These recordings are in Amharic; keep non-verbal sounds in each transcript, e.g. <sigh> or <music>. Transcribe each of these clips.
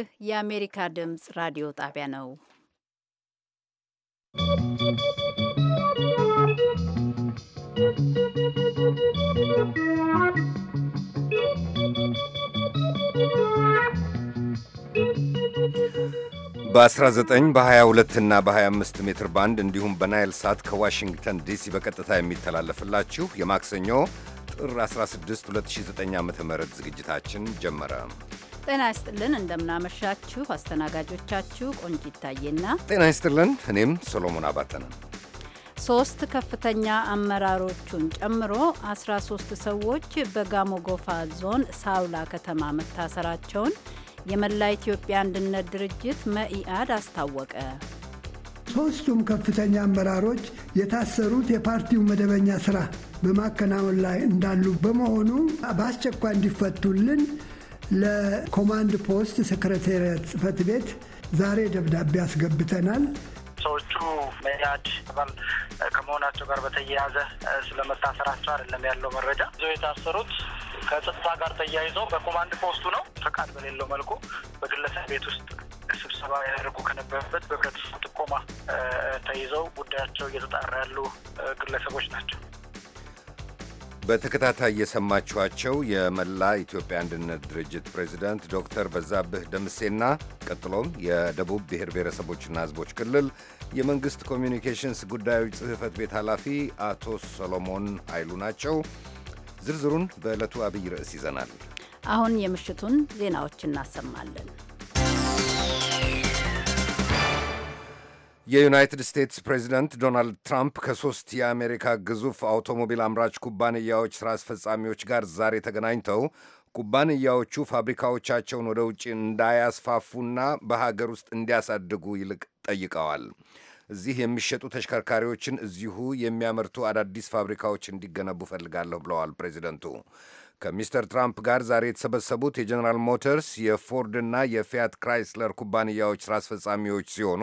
ይህ የአሜሪካ ድምፅ ራዲዮ ጣቢያ ነው። በ19 በ22 እና በ25 ሜትር ባንድ እንዲሁም በናይል ሳት ከዋሽንግተን ዲሲ በቀጥታ የሚተላለፍላችሁ የማክሰኞ ጥር 16 2009 ዓ ም ዝግጅታችን ጀመረ። ጤና ይስጥልን። እንደምናመሻችሁ። አስተናጋጆቻችሁ ቆንጅ ይታየና፣ ጤና ይስጥልን። እኔም ሶሎሞን አባተ ነን። ሶስት ከፍተኛ አመራሮቹን ጨምሮ 13 ሰዎች በጋሞጎፋ ዞን ሳውላ ከተማ መታሰራቸውን የመላ ኢትዮጵያ አንድነት ድርጅት መኢአድ አስታወቀ። ሶስቱም ከፍተኛ አመራሮች የታሰሩት የፓርቲው መደበኛ ስራ በማከናወን ላይ እንዳሉ በመሆኑ በአስቸኳይ እንዲፈቱልን ለኮማንድ ፖስት ሴክሬታሪያት ጽህፈት ቤት ዛሬ ደብዳቤ አስገብተናል። ሰዎቹ መያድ አባል ከመሆናቸው ጋር በተያያዘ ስለመታሰራቸው አይደለም ያለው መረጃ። ይዘው የታሰሩት ከጸጥታ ጋር ተያይዘው በኮማንድ ፖስቱ ነው። ፈቃድ በሌለው መልኩ በግለሰብ ቤት ውስጥ ስብሰባ ያደርጉ ከነበረበት በህብረተሰብ ጥቆማ ተይዘው ጉዳያቸው እየተጣራ ያሉ ግለሰቦች ናቸው። በተከታታይ የሰማችኋቸው የመላ ኢትዮጵያ አንድነት ድርጅት ፕሬዚዳንት ዶክተር በዛብህ ደምሴና ቀጥሎም የደቡብ ብሔር ብሔረሰቦችና ሕዝቦች ክልል የመንግሥት ኮሚኒኬሽንስ ጉዳዮች ጽሕፈት ቤት ኃላፊ አቶ ሰሎሞን ኃይሉ ናቸው። ዝርዝሩን በዕለቱ አብይ ርዕስ ይዘናል። አሁን የምሽቱን ዜናዎች እናሰማለን። የዩናይትድ ስቴትስ ፕሬዚደንት ዶናልድ ትራምፕ ከሶስት የአሜሪካ ግዙፍ አውቶሞቢል አምራች ኩባንያዎች ሥራ አስፈጻሚዎች ጋር ዛሬ ተገናኝተው ኩባንያዎቹ ፋብሪካዎቻቸውን ወደ ውጭ እንዳያስፋፉና በሀገር ውስጥ እንዲያሳድጉ ይልቅ ጠይቀዋል። እዚህ የሚሸጡ ተሽከርካሪዎችን እዚሁ የሚያመርቱ አዳዲስ ፋብሪካዎች እንዲገነቡ ፈልጋለሁ ብለዋል ፕሬዚደንቱ። ከሚስተር ትራምፕ ጋር ዛሬ የተሰበሰቡት የጀነራል ሞተርስ የፎርድና የፊያት ክራይስለር ኩባንያዎች ሥራ አስፈጻሚዎች ሲሆኑ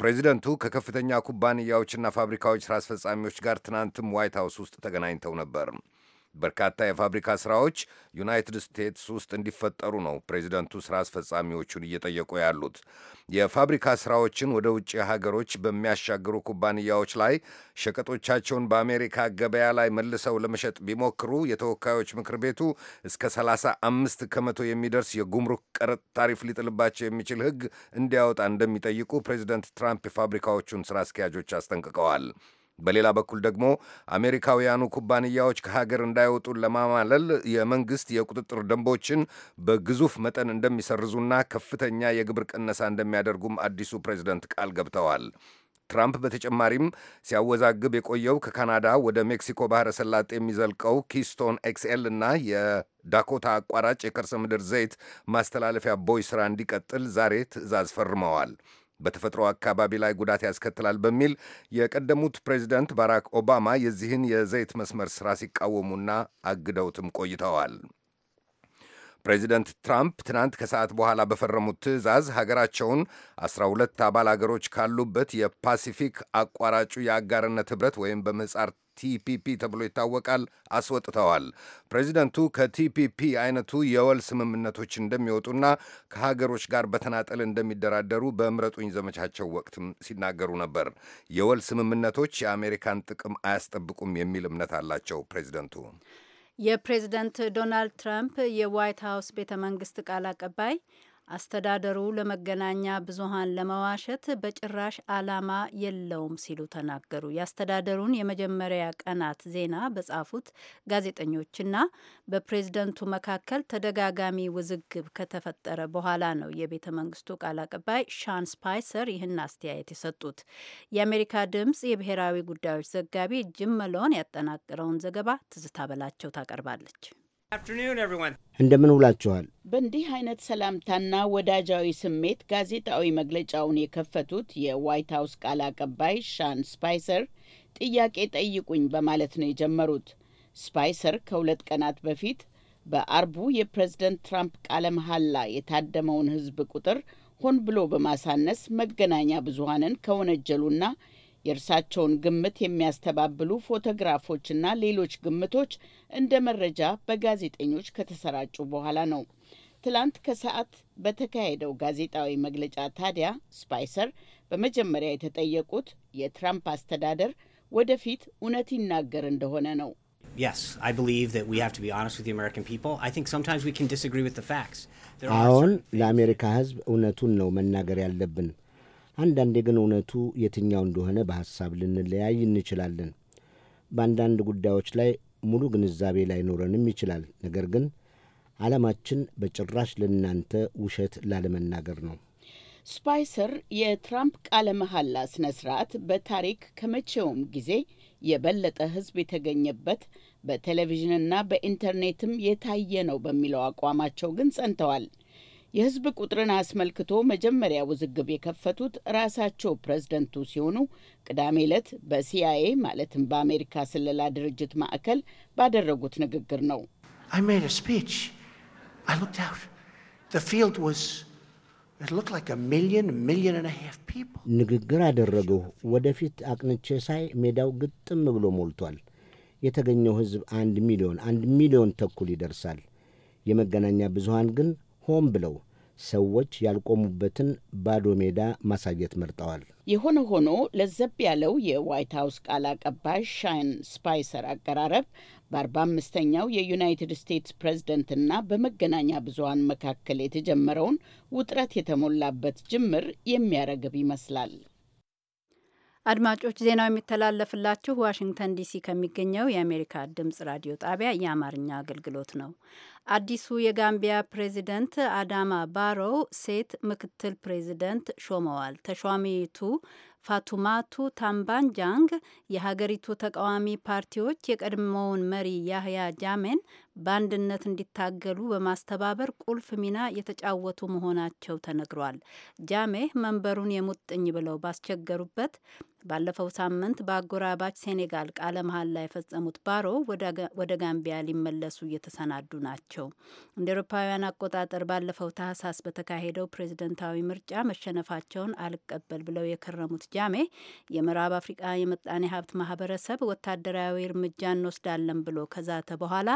ፕሬዚደንቱ ከከፍተኛ ኩባንያዎችና ፋብሪካዎች ሥራ አስፈጻሚዎች ጋር ትናንትም ዋይት ሀውስ ውስጥ ተገናኝተው ነበር። በርካታ የፋብሪካ ስራዎች ዩናይትድ ስቴትስ ውስጥ እንዲፈጠሩ ነው ፕሬዚደንቱ ስራ አስፈጻሚዎቹን እየጠየቁ ያሉት። የፋብሪካ ስራዎችን ወደ ውጭ ሀገሮች በሚያሻግሩ ኩባንያዎች ላይ ሸቀጦቻቸውን በአሜሪካ ገበያ ላይ መልሰው ለመሸጥ ቢሞክሩ የተወካዮች ምክር ቤቱ እስከ 35 ከመቶ የሚደርስ የጉምሩክ ቀረጥ ታሪፍ ሊጥልባቸው የሚችል ሕግ እንዲያወጣ እንደሚጠይቁ ፕሬዚደንት ትራምፕ የፋብሪካዎቹን ስራ አስኪያጆች አስጠንቅቀዋል። በሌላ በኩል ደግሞ አሜሪካውያኑ ኩባንያዎች ከሀገር እንዳይወጡ ለማማለል የመንግስት የቁጥጥር ደንቦችን በግዙፍ መጠን እንደሚሰርዙና ከፍተኛ የግብር ቅነሳ እንደሚያደርጉም አዲሱ ፕሬዚደንት ቃል ገብተዋል። ትራምፕ በተጨማሪም ሲያወዛግብ የቆየው ከካናዳ ወደ ሜክሲኮ ባህረ ሰላጤ የሚዘልቀው ኪስቶን ኤክስኤል እና የዳኮታ አቋራጭ የከርሰ ምድር ዘይት ማስተላለፊያ ቦይ ስራ እንዲቀጥል ዛሬ ትዕዛዝ ፈርመዋል። በተፈጥሮ አካባቢ ላይ ጉዳት ያስከትላል በሚል የቀደሙት ፕሬዚደንት ባራክ ኦባማ የዚህን የዘይት መስመር ሥራ ሲቃወሙና አግደውትም ቆይተዋል። ፕሬዚደንት ትራምፕ ትናንት ከሰዓት በኋላ በፈረሙት ትዕዛዝ ሀገራቸውን 12 አባል አገሮች ካሉበት የፓሲፊክ አቋራጩ የአጋርነት ኅብረት ወይም በምህጻር ቲፒፒ ተብሎ ይታወቃል አስወጥተዋል። ፕሬዚደንቱ ከቲፒፒ አይነቱ የወል ስምምነቶች እንደሚወጡና ከሀገሮች ጋር በተናጠል እንደሚደራደሩ በምረጡኝ ዘመቻቸው ወቅትም ሲናገሩ ነበር። የወል ስምምነቶች የአሜሪካን ጥቅም አያስጠብቁም የሚል እምነት አላቸው ፕሬዚደንቱ። የፕሬዚደንት ዶናልድ ትራምፕ የዋይት ሀውስ ቤተ መንግስት ቃል አቀባይ አስተዳደሩ ለመገናኛ ብዙሃን ለመዋሸት በጭራሽ ዓላማ የለውም ሲሉ ተናገሩ። የአስተዳደሩን የመጀመሪያ ቀናት ዜና በጻፉት ጋዜጠኞችና በፕሬዝደንቱ መካከል ተደጋጋሚ ውዝግብ ከተፈጠረ በኋላ ነው የቤተ መንግስቱ ቃል አቀባይ ሻን ስፓይሰር ይህን አስተያየት የሰጡት። የአሜሪካ ድምጽ የብሔራዊ ጉዳዮች ዘጋቢ ጅም መሎን ያጠናቀረውን ዘገባ ትዝታ በላቸው ታቀርባለች። እንደምን ውላችኋል። በእንዲህ አይነት ሰላምታና ወዳጃዊ ስሜት ጋዜጣዊ መግለጫውን የከፈቱት የዋይት ሀውስ ቃል አቀባይ ሻን ስፓይሰር ጥያቄ ጠይቁኝ በማለት ነው የጀመሩት። ስፓይሰር ከሁለት ቀናት በፊት በአርቡ የፕሬዝደንት ትራምፕ ቃለ መሐላ የታደመውን ህዝብ ቁጥር ሆን ብሎ በማሳነስ መገናኛ ብዙኃንን ከወነጀሉና የእርሳቸውን ግምት የሚያስተባብሉ ፎቶግራፎችና ሌሎች ግምቶች እንደ መረጃ በጋዜጠኞች ከተሰራጩ በኋላ ነው። ትላንት ከሰዓት በተካሄደው ጋዜጣዊ መግለጫ ታዲያ ስፓይሰር በመጀመሪያ የተጠየቁት የትራምፕ አስተዳደር ወደፊት እውነት ይናገር እንደሆነ ነው። አሁን ለአሜሪካ ሕዝብ እውነቱን ነው መናገር ያለብን። አንዳንዴ ግን እውነቱ የትኛው እንደሆነ በሐሳብ ልንለያይ እንችላለን። በአንዳንድ ጉዳዮች ላይ ሙሉ ግንዛቤ ላይኖረንም ይችላል። ነገር ግን ዓላማችን በጭራሽ ለእናንተ ውሸት ላለመናገር ነው። ስፓይሰር የትራምፕ ቃለ መሐላ ስነ ስርዓት በታሪክ ከመቼውም ጊዜ የበለጠ ሕዝብ የተገኘበት በቴሌቪዥንና በኢንተርኔትም የታየ ነው በሚለው አቋማቸው ግን ጸንተዋል። የህዝብ ቁጥርን አስመልክቶ መጀመሪያ ውዝግብ የከፈቱት ራሳቸው ፕሬዝደንቱ ሲሆኑ ቅዳሜ ዕለት በሲአይኤ ማለትም በአሜሪካ ስለላ ድርጅት ማዕከል ባደረጉት ንግግር ነው። ንግግር አደረገሁ። ወደፊት አቅንቼ ሳይ ሜዳው ግጥም ብሎ ሞልቷል። የተገኘው ህዝብ አንድ ሚሊዮን አንድ ሚሊዮን ተኩል ይደርሳል። የመገናኛ ብዙሃን ግን ሆን ብለው ሰዎች ያልቆሙበትን ባዶ ሜዳ ማሳየት መርጠዋል። የሆነ ሆኖ ለዘብ ያለው የዋይት ሀውስ ቃል አቀባይ ሻይን ስፓይሰር አቀራረብ በአርባ አምስተኛው የዩናይትድ ስቴትስ ፕሬዝደንትና በመገናኛ ብዙሀን መካከል የተጀመረውን ውጥረት የተሞላበት ጅምር የሚያረግብ ይመስላል። አድማጮች ዜናው የሚተላለፍላችሁ ዋሽንግተን ዲሲ ከሚገኘው የአሜሪካ ድምጽ ራዲዮ ጣቢያ የአማርኛ አገልግሎት ነው። አዲሱ የጋምቢያ ፕሬዚደንት አዳማ ባሮው ሴት ምክትል ፕሬዚደንት ሾመዋል። ተሿሚቱ ፋቱማቱ ታምባንጃንግ የሀገሪቱ ተቃዋሚ ፓርቲዎች የቀድሞውን መሪ ያህያ ጃሜን በአንድነት እንዲታገሉ በማስተባበር ቁልፍ ሚና የተጫወቱ መሆናቸው ተነግሯል። ጃሜ መንበሩን የሙጥኝ ብለው ባስቸገሩበት ባለፈው ሳምንት በአጎራባች ሴኔጋል ቃለ ላይ የፈጸሙት ባሮ ወደ ጋምቢያ ሊመለሱ እየተሰናዱ ናቸው። እንደ ኤሮፓውያን አቆጣጠር ባለፈው ታህሳስ በተካሄደው ፕሬዝደንታዊ ምርጫ መሸነፋቸውን አልቀበል ብለው የከረሙት ጃሜ የምዕራብ አፍሪቃ የምጣኔ ሀብት ማህበረሰብ ወታደራዊ እርምጃ እንወስዳለን ብሎ ከዛተ በኋላ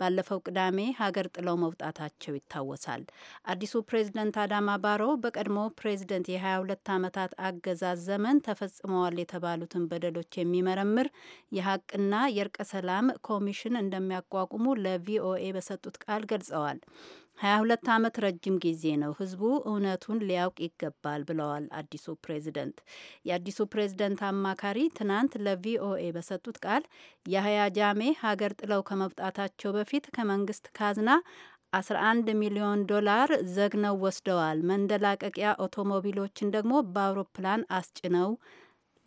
ባለፈው ቅዳሜ ሀገር ጥለው መውጣታቸው ይታወሳል። አዲሱ ፕሬዝደንት አዳማ ባሮ በቀድሞ ፕሬዝደንት የ22 ዓመታት አገዛዝ ዘመን ተፈጽመዋል ፈጽመዋል የተባሉትን በደሎች የሚመረምር የሀቅና የእርቀ ሰላም ኮሚሽን እንደሚያቋቁሙ ለቪኦኤ በሰጡት ቃል ገልጸዋል። ሀያ ሁለት ዓመት ረጅም ጊዜ ነው። ህዝቡ እውነቱን ሊያውቅ ይገባል ብለዋል አዲሱ ፕሬዚደንት። የአዲሱ ፕሬዚደንት አማካሪ ትናንት ለቪኦኤ በሰጡት ቃል የሀያ ጃሜ ሀገር ጥለው ከመብጣታቸው በፊት ከመንግስት ካዝና 11 ሚሊዮን ዶላር ዘግነው ወስደዋል። መንደላቀቂያ አውቶሞቢሎችን ደግሞ በአውሮፕላን አስጭነው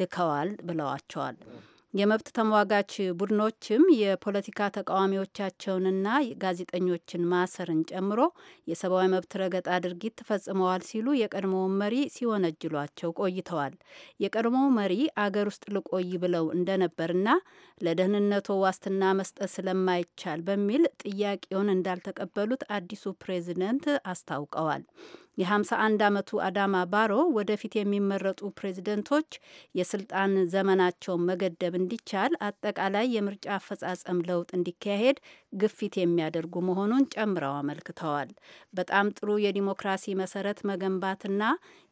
ልከዋል ብለዋቸዋል። የመብት ተሟጋች ቡድኖችም የፖለቲካ ተቃዋሚዎቻቸውንና ጋዜጠኞችን ማሰርን ጨምሮ የሰብአዊ መብት ረገጣ ድርጊት ተፈጽመዋል ሲሉ የቀድሞውን መሪ ሲወነጅሏቸው ቆይተዋል። የቀድሞው መሪ አገር ውስጥ ልቆይ ብለው እንደነበርና ለደህንነቱ ዋስትና መስጠት ስለማይቻል በሚል ጥያቄውን እንዳልተቀበሉት አዲሱ ፕሬዚደንት አስታውቀዋል። የ51 ዓመቱ አዳማ ባሮ ወደፊት የሚመረጡ ፕሬዚደንቶች የስልጣን ዘመናቸውን መገደብ እንዲቻል አጠቃላይ የምርጫ አፈጻጸም ለውጥ እንዲካሄድ ግፊት የሚያደርጉ መሆኑን ጨምረው አመልክተዋል። በጣም ጥሩ የዲሞክራሲ መሰረት መገንባትና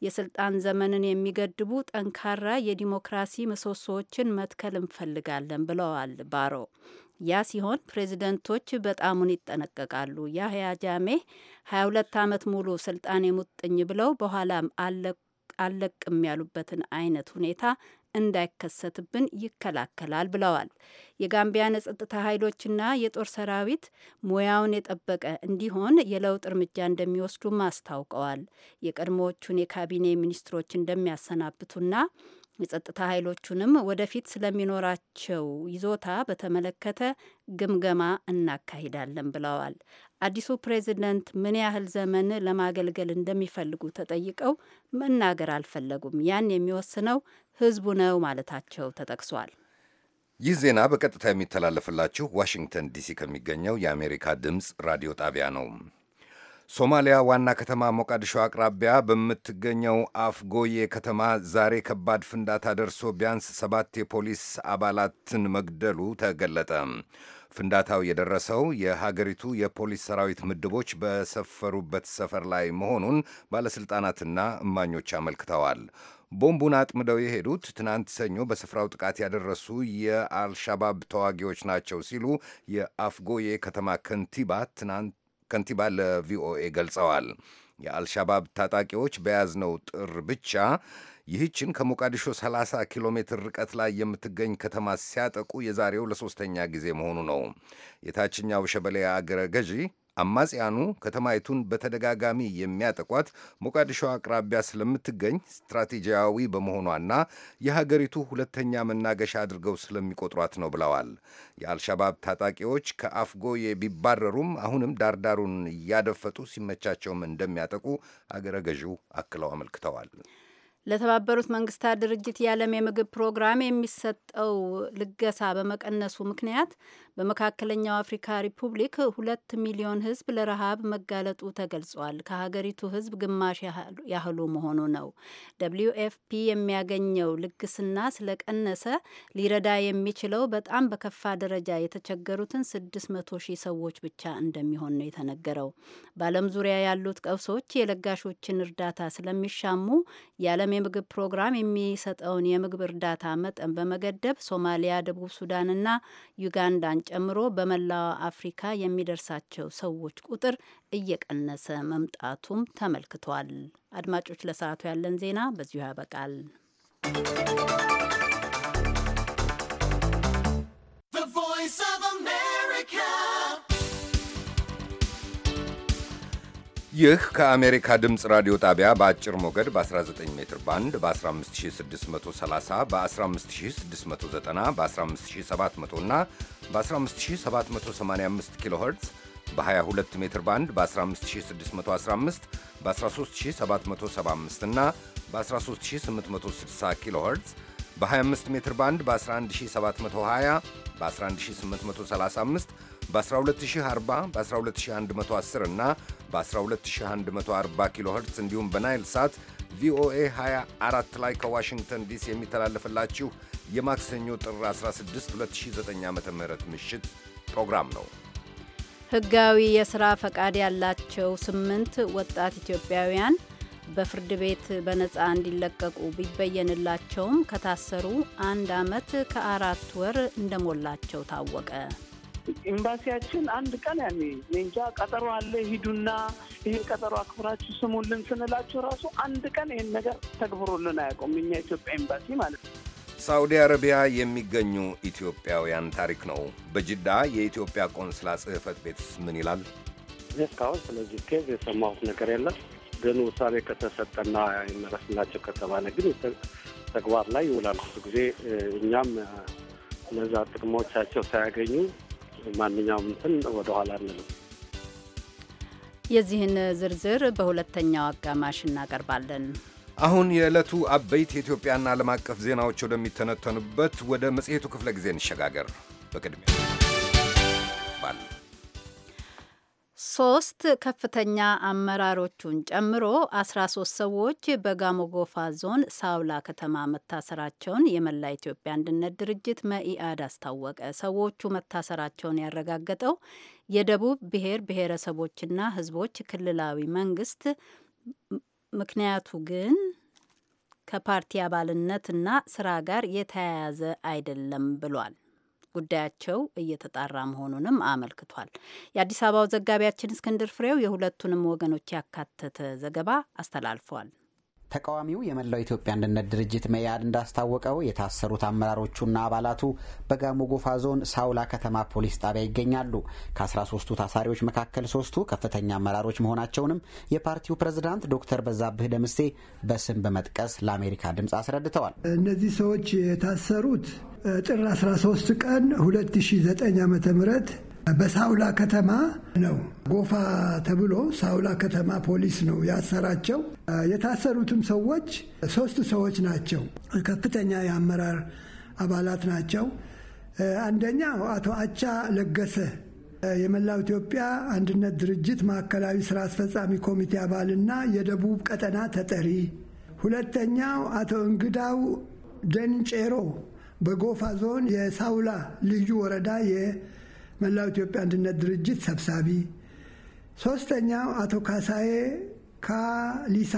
የስልጣን ዘመንን የሚገድቡ ጠንካራ የዲሞክራሲ ምሰሶዎችን መትከል እንፈልጋለን ብለዋል ባሮ ያ ሲሆን ፕሬዚደንቶች በጣሙን ይጠነቀቃሉ። ያህያ ጃሜህ 22 ዓመት ሙሉ ስልጣን የሙጥኝ ብለው በኋላም አለቅም ያሉበትን አይነት ሁኔታ እንዳይከሰትብን ይከላከላል ብለዋል። የጋምቢያ የጸጥታ ኃይሎችና የጦር ሰራዊት ሙያውን የጠበቀ እንዲሆን የለውጥ እርምጃ እንደሚወስዱም አስታውቀዋል። የቀድሞዎቹን የካቢኔ ሚኒስትሮች እንደሚያሰናብቱና የጸጥታ ኃይሎቹንም ወደፊት ስለሚኖራቸው ይዞታ በተመለከተ ግምገማ እናካሂዳለን ብለዋል። አዲሱ ፕሬዚደንት ምን ያህል ዘመን ለማገልገል እንደሚፈልጉ ተጠይቀው መናገር አልፈለጉም። ያን የሚወስነው ህዝቡ ነው ማለታቸው ተጠቅሷል። ይህ ዜና በቀጥታ የሚተላለፍላችሁ ዋሽንግተን ዲሲ ከሚገኘው የአሜሪካ ድምፅ ራዲዮ ጣቢያ ነው። ሶማሊያ ዋና ከተማ ሞቃዲሾ አቅራቢያ በምትገኘው አፍጎዬ ከተማ ዛሬ ከባድ ፍንዳታ ደርሶ ቢያንስ ሰባት የፖሊስ አባላትን መግደሉ ተገለጠ። ፍንዳታው የደረሰው የሀገሪቱ የፖሊስ ሰራዊት ምድቦች በሰፈሩበት ሰፈር ላይ መሆኑን ባለሥልጣናትና እማኞች አመልክተዋል። ቦምቡን አጥምደው የሄዱት ትናንት ሰኞ በስፍራው ጥቃት ያደረሱ የአልሻባብ ተዋጊዎች ናቸው ሲሉ የአፍጎዬ ከተማ ከንቲባ ትናንት ከንቲባ ለቪኦኤ ገልጸዋል። የአልሻባብ ታጣቂዎች በያዝነው ጥር ብቻ ይህችን ከሞቃዲሾ 30 ኪሎ ሜትር ርቀት ላይ የምትገኝ ከተማ ሲያጠቁ የዛሬው ለሶስተኛ ጊዜ መሆኑ ነው። የታችኛው ሸበሌ አገረ ገዢ አማጽያኑ ከተማይቱን በተደጋጋሚ የሚያጠቋት ሞቃዲሾ አቅራቢያ ስለምትገኝ ስትራቴጂያዊ በመሆኗና የሀገሪቱ ሁለተኛ መናገሻ አድርገው ስለሚቆጥሯት ነው ብለዋል። የአልሻባብ ታጣቂዎች ከአፍጎዬ ቢባረሩም አሁንም ዳርዳሩን እያደፈጡ ሲመቻቸውም እንደሚያጠቁ አገረ ገዢው አክለው አመልክተዋል። ለተባበሩት መንግስታት ድርጅት የዓለም የምግብ ፕሮግራም የሚሰጠው ልገሳ በመቀነሱ ምክንያት በመካከለኛው አፍሪካ ሪፑብሊክ ሁለት ሚሊዮን ህዝብ ለረሃብ መጋለጡ ተገልጿል። ከሀገሪቱ ህዝብ ግማሽ ያህሉ መሆኑ ነው። ደብሊዩ ኤፍፒ የሚያገኘው ልግስና ስለቀነሰ ሊረዳ የሚችለው በጣም በከፋ ደረጃ የተቸገሩትን 600 ሺህ ሰዎች ብቻ እንደሚሆን ነው የተነገረው። በዓለም ዙሪያ ያሉት ቀውሶች የለጋሾችን እርዳታ ስለሚሻሙ የዓለም የምግብ ፕሮግራም የሚሰጠውን የምግብ እርዳታ መጠን በመገደብ ሶማሊያ፣ ደቡብ ሱዳንና ዩጋንዳ። ጨምሮ በመላ አፍሪካ የሚደርሳቸው ሰዎች ቁጥር እየቀነሰ መምጣቱም ተመልክቷል። አድማጮች፣ ለሰዓቱ ያለን ዜና በዚሁ ያበቃል። ይህ ከአሜሪካ ድምፅ ራዲዮ ጣቢያ በአጭር ሞገድ በ19 ሜትር ባንድ በ15630 በ15690 በ15700 እና በ15785 ኪሎ በ22 ሜትር ባንድ በ15615 በ13775 እና በ13860 ኪሎ በ25 ሜትር ባንድ በ11720 በ11835 በ12040 በ12110 እና በ12140 ኪሎ ኸርትዝ እንዲሁም በናይል ሳት ቪኦኤ 24 ላይ ከዋሽንግተን ዲሲ የሚተላለፍላችሁ የማክሰኞ ጥር 16 2009 ዓ ም ምሽት ፕሮግራም ነው። ህጋዊ የስራ ፈቃድ ያላቸው ስምንት ወጣት ኢትዮጵያውያን በፍርድ ቤት በነፃ እንዲለቀቁ ቢበየንላቸውም ከታሰሩ አንድ ዓመት ከአራት ወር እንደሞላቸው ታወቀ። ኤምባሲያችን አንድ ቀን ያኔ እንጃ ቀጠሮ አለ ሂዱና ይህን ቀጠሮ አክብራችሁ ስሙልን ስንላችሁ ራሱ አንድ ቀን ይህን ነገር ተግብሮልን አያውቁም። እኛ ኢትዮጵያ ኤምባሲ ማለት ነው። ሳዑዲ አረቢያ የሚገኙ ኢትዮጵያውያን ታሪክ ነው። በጅዳ የኢትዮጵያ ቆንስላ ጽህፈት ቤት ምን ይላል? እስካሁን ስለዚህ ኬዝ የሰማሁት ነገር የለም። ግን ውሳኔ ከተሰጠና ይመለስላቸው ከተባለ ግን ተግባር ላይ ይውላል። ብዙ ጊዜ እኛም እነዛ ጥቅሞቻቸው ሳያገኙ ማንኛውም እንትን ወደኋላ አንልም። የዚህን ዝርዝር በሁለተኛው አጋማሽ እናቀርባለን። አሁን የዕለቱ አበይት የኢትዮጵያና ዓለም አቀፍ ዜናዎች ወደሚተነተኑበት ወደ መጽሔቱ ክፍለ ጊዜ እንሸጋገር። በቅድሚያ ሶስት ከፍተኛ አመራሮቹን ጨምሮ አስራ ሶስት ሰዎች በጋሞጎፋ ዞን ሳውላ ከተማ መታሰራቸውን የመላ ኢትዮጵያ አንድነት ድርጅት መኢአድ አስታወቀ። ሰዎቹ መታሰራቸውን ያረጋገጠው የደቡብ ብሔር ብሔረሰቦችና ሕዝቦች ክልላዊ መንግስት ምክንያቱ ግን ከፓርቲ አባልነትና ስራ ጋር የተያያዘ አይደለም ብሏል። ጉዳያቸው እየተጣራ መሆኑንም አመልክቷል። የአዲስ አበባው ዘጋቢያችን እስክንድር ፍሬው የሁለቱንም ወገኖች ያካተተ ዘገባ አስተላልፏል። ተቃዋሚው የመላው ኢትዮጵያ አንድነት ድርጅት መያድ እንዳስታወቀው የታሰሩት አመራሮቹና አባላቱ በጋሞ ጎፋ ዞን ሳውላ ከተማ ፖሊስ ጣቢያ ይገኛሉ። 13 ታሳሪዎች መካከል ሶስቱ ከፍተኛ አመራሮች መሆናቸውንም የፓርቲው ፕሬዝዳንት ዶክተር በዛብህ ደምሴ በስም በመጥቀስ ለአሜሪካ ድምፅ አስረድተዋል። እነዚህ ሰዎች የታሰሩት ጥር 13 ቀን 2009 ዓ.ም በሳውላ ከተማ ነው። ጎፋ ተብሎ ሳውላ ከተማ ፖሊስ ነው ያሰራቸው። የታሰሩትም ሰዎች ሶስት ሰዎች ናቸው። ከፍተኛ የአመራር አባላት ናቸው። አንደኛው አቶ አቻ ለገሰ የመላው ኢትዮጵያ አንድነት ድርጅት ማዕከላዊ ስራ አስፈጻሚ ኮሚቴ አባልና የደቡብ ቀጠና ተጠሪ፣ ሁለተኛው አቶ እንግዳው ደንጨሮ በጎፋ ዞን የሳውላ ልዩ ወረዳ መላው ኢትዮጵያ አንድነት ድርጅት ሰብሳቢ፣ ሶስተኛው አቶ ካሳዬ ካሊሳ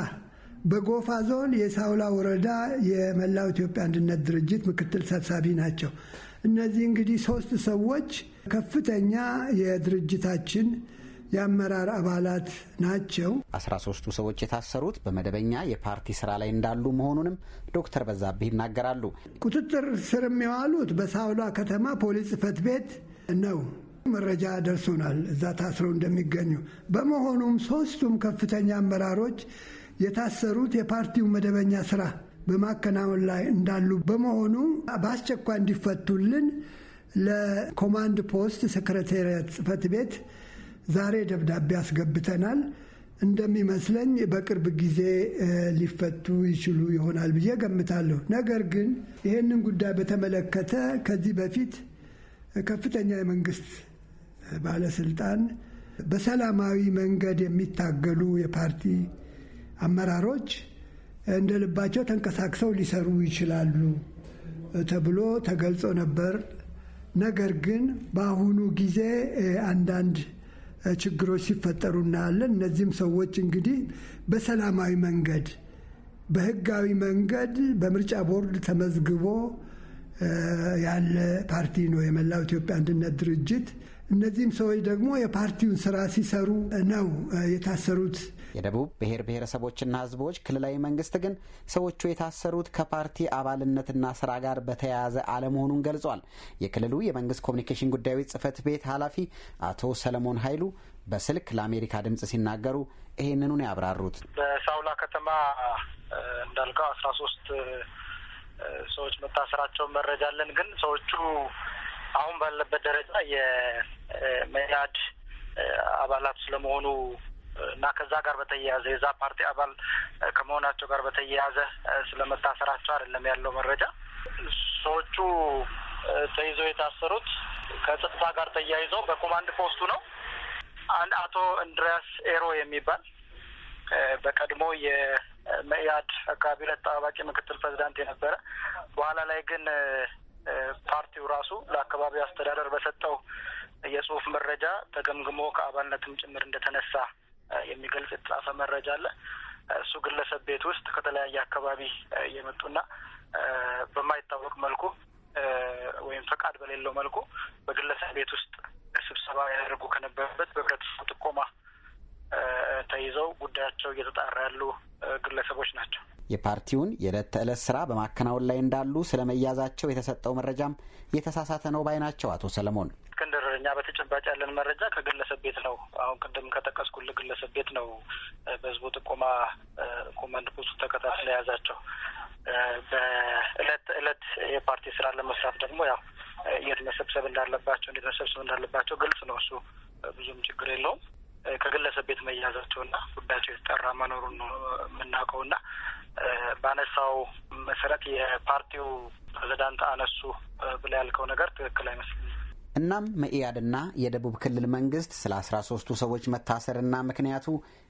በጎፋ ዞን የሳውላ ወረዳ የመላው ኢትዮጵያ አንድነት ድርጅት ምክትል ሰብሳቢ ናቸው። እነዚህ እንግዲህ ሶስት ሰዎች ከፍተኛ የድርጅታችን የአመራር አባላት ናቸው። አስራ ሶስቱ ሰዎች የታሰሩት በመደበኛ የፓርቲ ስራ ላይ እንዳሉ መሆኑንም ዶክተር በዛብህ ይናገራሉ። ቁጥጥር ስር የሚዋሉት በሳውላ ከተማ ፖሊስ ጽፈት ቤት ነው መረጃ ደርሶናል እዛ ታስረው እንደሚገኙ። በመሆኑም ሶስቱም ከፍተኛ አመራሮች የታሰሩት የፓርቲውን መደበኛ ስራ በማከናወን ላይ እንዳሉ በመሆኑ በአስቸኳይ እንዲፈቱልን ለኮማንድ ፖስት ሰክረታሪያት ጽህፈት ቤት ዛሬ ደብዳቤ አስገብተናል። እንደሚመስለኝ በቅርብ ጊዜ ሊፈቱ ይችሉ ይሆናል ብዬ ገምታለሁ። ነገር ግን ይህንን ጉዳይ በተመለከተ ከዚህ በፊት ከፍተኛ የመንግስት ባለስልጣን በሰላማዊ መንገድ የሚታገሉ የፓርቲ አመራሮች እንደ ልባቸው ተንቀሳቅሰው ሊሰሩ ይችላሉ ተብሎ ተገልጾ ነበር። ነገር ግን በአሁኑ ጊዜ አንዳንድ ችግሮች ሲፈጠሩ እናያለን። እነዚህም ሰዎች እንግዲህ በሰላማዊ መንገድ በህጋዊ መንገድ በምርጫ ቦርድ ተመዝግቦ ያለ ፓርቲ ነው የመላው ኢትዮጵያ አንድነት ድርጅት። እነዚህም ሰዎች ደግሞ የፓርቲውን ስራ ሲሰሩ ነው የታሰሩት። የደቡብ ብሔር ብሔረሰቦችና ሕዝቦች ክልላዊ መንግስት ግን ሰዎቹ የታሰሩት ከፓርቲ አባልነትና ስራ ጋር በተያያዘ አለመሆኑን ገልጿል። የክልሉ የመንግስት ኮሚኒኬሽን ጉዳዮች ጽህፈት ቤት ኃላፊ አቶ ሰለሞን ኃይሉ በስልክ ለአሜሪካ ድምጽ ሲናገሩ ይህንኑ ያብራሩት። በሳውላ ከተማ እንዳልከው አስራ ሶስት ሰዎች መታሰራቸውን መረጃ አለን። ግን ሰዎቹ አሁን ባለበት ደረጃ የመያድ አባላት ስለመሆኑ እና ከዛ ጋር በተያያዘ የዛ ፓርቲ አባል ከመሆናቸው ጋር በተያያዘ ስለመታሰራቸው አይደለም ያለው መረጃ። ሰዎቹ ተይዘው የታሰሩት ከጸጥታ ጋር ተያይዞ በኮማንድ ፖስቱ ነው። አንድ አቶ እንድሪያስ ኤሮ የሚባል በቀድሞ የ መኢአድ አካባቢ ለተጠባባቂ ምክትል ፕሬዚዳንት የነበረ በኋላ ላይ ግን ፓርቲው ራሱ ለአካባቢው አስተዳደር በሰጠው የጽሁፍ መረጃ ተገምግሞ ከአባልነትም ጭምር እንደተነሳ የሚገልጽ የተጻፈ መረጃ አለ። እሱ ግለሰብ ቤት ውስጥ ከተለያየ አካባቢ የመጡና በማይታወቅ መልኩ ወይም ፈቃድ በሌለው መልኩ በግለሰብ ቤት ውስጥ ስብሰባ ያደርጉ ከነበረበት በህብረተሰብ ጥቆማ ተይዘው ጉዳያቸው እየተጣራ ያሉ ግለሰቦች ናቸው። የፓርቲውን የዕለት ተዕለት ስራ በማከናወን ላይ እንዳሉ ስለ መያዛቸው የተሰጠው መረጃም የተሳሳተ ነው ባይ ናቸው አቶ ሰለሞን። እስክንድር፣ እኛ በተጨባጭ ያለን መረጃ ከግለሰብ ቤት ነው። አሁን ቅድም ከጠቀስኩልህ ግለሰብ ቤት ነው በህዝቡ ጥቆማ ኮማንድ ፖስቱ ተከታትሎ የያዛቸው። በእለት ተዕለት የፓርቲ ስራ ለመስራት ደግሞ ያው የት መሰብሰብ እንዳለባቸው እንዴት መሰብሰብ እንዳለባቸው ግልጽ ነው። እሱ ብዙም ችግር የለውም። ከግለሰብ ቤት መያዛቸውና ጉዳያቸው የተጠራ መኖሩን ነው የምናውቀው እና ባነሳው መሰረት የፓርቲው ፕሬዚዳንት አነሱ ብለ ያልከው ነገር ትክክል አይመስልም። እናም መኢአድና የደቡብ ክልል መንግስት ስለ አስራ ሶስቱ ሰዎች መታሰርና ምክንያቱ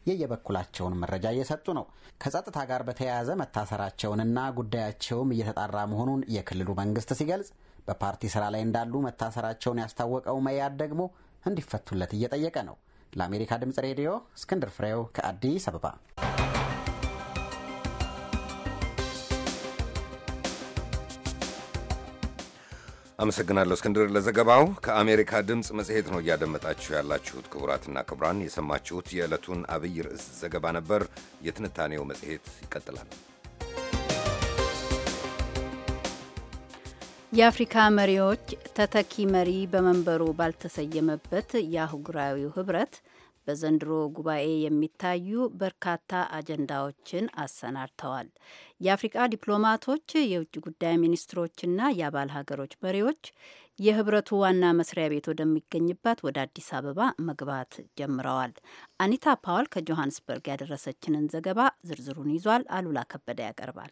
የየበኩላቸውን መረጃ እየሰጡ ነው። ከጸጥታ ጋር በተያያዘ መታሰራቸውንና ጉዳያቸውም እየተጣራ መሆኑን የክልሉ መንግስት ሲገልጽ፣ በፓርቲ ስራ ላይ እንዳሉ መታሰራቸውን ያስታወቀው መኢአድ ደግሞ እንዲፈቱለት እየጠየቀ ነው። ለአሜሪካ ድምፅ ሬዲዮ እስክንድር ፍሬው ከአዲስ አበባ። አመሰግናለሁ እስክንድር ለዘገባው። ከአሜሪካ ድምፅ መጽሔት ነው እያደመጣችሁ ያላችሁት። ክቡራትና ክቡራን የሰማችሁት የዕለቱን አብይ ርዕስ ዘገባ ነበር። የትንታኔው መጽሔት ይቀጥላል። የአፍሪካ መሪዎች ተተኪ መሪ በመንበሩ ባልተሰየመበት የአህጉራዊው ህብረት በዘንድሮ ጉባኤ የሚታዩ በርካታ አጀንዳዎችን አሰናድተዋል። የአፍሪቃ ዲፕሎማቶች፣ የውጭ ጉዳይ ሚኒስትሮችና የአባል ሀገሮች መሪዎች የህብረቱ ዋና መስሪያ ቤት ወደሚገኝባት ወደ አዲስ አበባ መግባት ጀምረዋል። አኒታ ፓዋል ከጆሃንስበርግ ያደረሰችንን ዘገባ ዝርዝሩን ይዟል። አሉላ ከበደ ያቀርባል።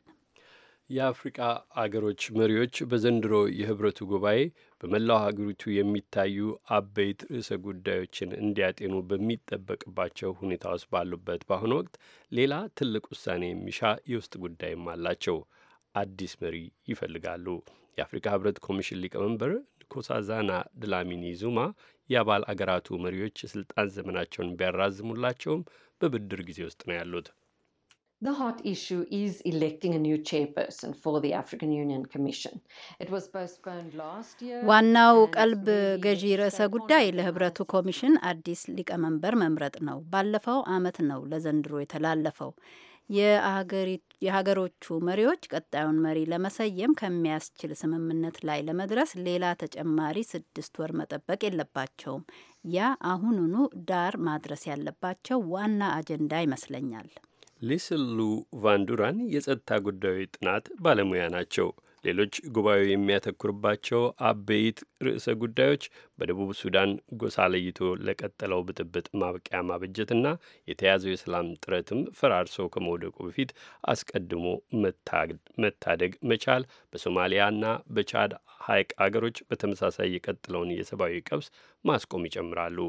የአፍሪቃ አገሮች መሪዎች በዘንድሮ የህብረቱ ጉባኤ በመላው ሀገሪቱ የሚታዩ አበይት ርዕሰ ጉዳዮችን እንዲያጤኑ በሚጠበቅባቸው ሁኔታ ውስጥ ባሉበት በአሁኑ ወቅት ሌላ ትልቅ ውሳኔ የሚሻ የውስጥ ጉዳይም አላቸው። አዲስ መሪ ይፈልጋሉ። የአፍሪካ ህብረት ኮሚሽን ሊቀመንበር ንኮሳዛና ድላሚኒ ዙማ የአባል አገራቱ መሪዎች የስልጣን ዘመናቸውን ቢያራዝሙላቸውም በብድር ጊዜ ውስጥ ነው ያሉት። The hot issue is electing a new chairperson for the African Union Commission. It was postponed last year. ዋናው ቀልብ ገዢ ርዕሰ ጉዳይ ለህብረቱ ኮሚሽን አዲስ ሊቀመንበር መምረጥ ነው። ባለፈው አመት ነው ለዘንድሮ የተላለፈው። የሀገሮቹ መሪዎች ቀጣዩን መሪ ለመሰየም ከሚያስችል ስምምነት ላይ ለመድረስ ሌላ ተጨማሪ ስድስት ወር መጠበቅ የለባቸውም። ያ አሁኑኑ ዳር ማድረስ ያለባቸው ዋና አጀንዳ ይመስለኛል። ሊስሉ ቫንዱራን የጸጥታ ጉዳዮች ጥናት ባለሙያ ናቸው። ሌሎች ጉባኤው የሚያተኩርባቸው አበይት ርዕሰ ጉዳዮች በደቡብ ሱዳን ጎሳ ለይቶ ለቀጠለው ብጥብጥ ማብቂያ ማበጀትና የተያዘው የሰላም ጥረትም ፈራርሶ ከመውደቁ በፊት አስቀድሞ መታደግ መቻል፣ በሶማሊያና በቻድ ሐይቅ አገሮች በተመሳሳይ የቀጠለውን የሰብአዊ ቀውስ ማስቆም ይጨምራሉ።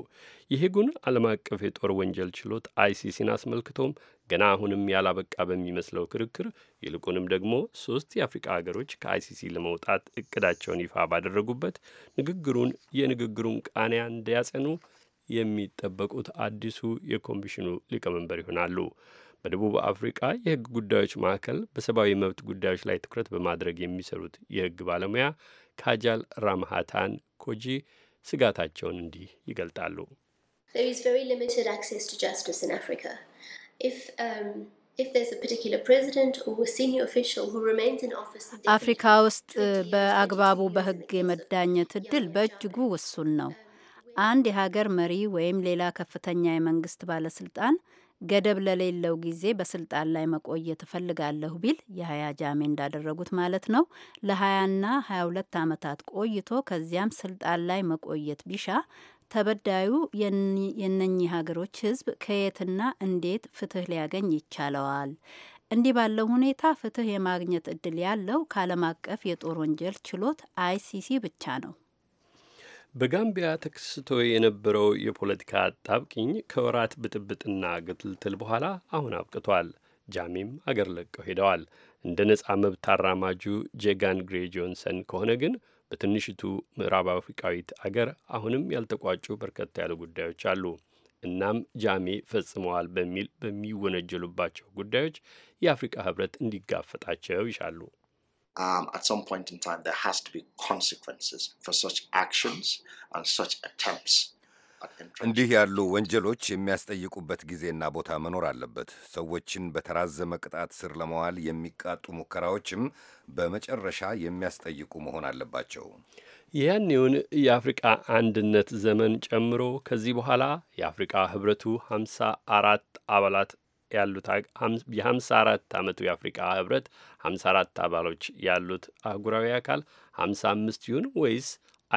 የሄጉን ዓለም አቀፍ የጦር ወንጀል ችሎት አይሲሲን አስመልክቶም ገና አሁንም ያላበቃ በሚመስለው ክርክር ይልቁንም ደግሞ ሶስት የአፍሪቃ ሀገሮች ከአይሲሲ ለመውጣት እቅዳቸውን ይፋ ባደረጉበት ንግግሩን የንግግሩን ቃንያ እንዲያጸኑ የሚጠበቁት አዲሱ የኮሚሽኑ ሊቀመንበር ይሆናሉ። በደቡብ አፍሪቃ የህግ ጉዳዮች ማዕከል በሰብአዊ መብት ጉዳዮች ላይ ትኩረት በማድረግ የሚሰሩት የህግ ባለሙያ ካጃል ራምሃታን ኮጂ ስጋታቸውን እንዲህ ይገልጣሉ። there is very limited access to justice in Africa. If um, አፍሪካ ውስጥ uh, በአግባቡ በሕግ የመዳኘት እድል በእጅጉ ውሱን ነው። አንድ የሀገር መሪ ወይም ሌላ ከፍተኛ የመንግስት ባለስልጣን ገደብ ለሌለው ጊዜ በስልጣን ላይ መቆየት እፈልጋለሁ ቢል የሀያ ጃሜ እንዳደረጉት ማለት ነው። ለሀያና ሀያ ሁለት ዓመታት ቆይቶ ከዚያም ስልጣን ላይ መቆየት ቢሻ ተበዳዩ የነኚህ ሀገሮች ሕዝብ ከየትና እንዴት ፍትህ ሊያገኝ ይቻለዋል? እንዲህ ባለው ሁኔታ ፍትህ የማግኘት እድል ያለው ከዓለም አቀፍ የጦር ወንጀል ችሎት አይሲሲ ብቻ ነው። በጋምቢያ ተከስቶ የነበረው የፖለቲካ አጣብቂኝ ከወራት ብጥብጥና ግትልትል በኋላ አሁን አብቅቷል። ጃሚም አገር ለቀው ሄደዋል። እንደ ነጻ መብት አራማጁ ጄጋን ግሬ ጆንሰን ከሆነ ግን በትንሽቱ ምዕራብ አፍሪካዊት አገር አሁንም ያልተቋጩ በርከታ ያሉ ጉዳዮች አሉ። እናም ጃሜ ፈጽመዋል በሚል በሚወነጀሉባቸው ጉዳዮች የአፍሪካ ህብረት እንዲጋፈጣቸው ይሻሉ። um, እንዲህ ያሉ ወንጀሎች የሚያስጠይቁበት ጊዜና ቦታ መኖር አለበት። ሰዎችን በተራዘመ ቅጣት ስር ለመዋል የሚቃጡ ሙከራዎችም በመጨረሻ የሚያስጠይቁ መሆን አለባቸው። ያኔውን የአፍሪቃ አንድነት ዘመን ጨምሮ ከዚህ በኋላ የአፍሪቃ ህብረቱ ሀምሳ አራት አባላት ያሉት የሀምሳ አራት ዓመቱ የአፍሪቃ ህብረት ሀምሳ አራት አባሎች ያሉት አህጉራዊ አካል ሀምሳ አምስት ይሁን ወይስ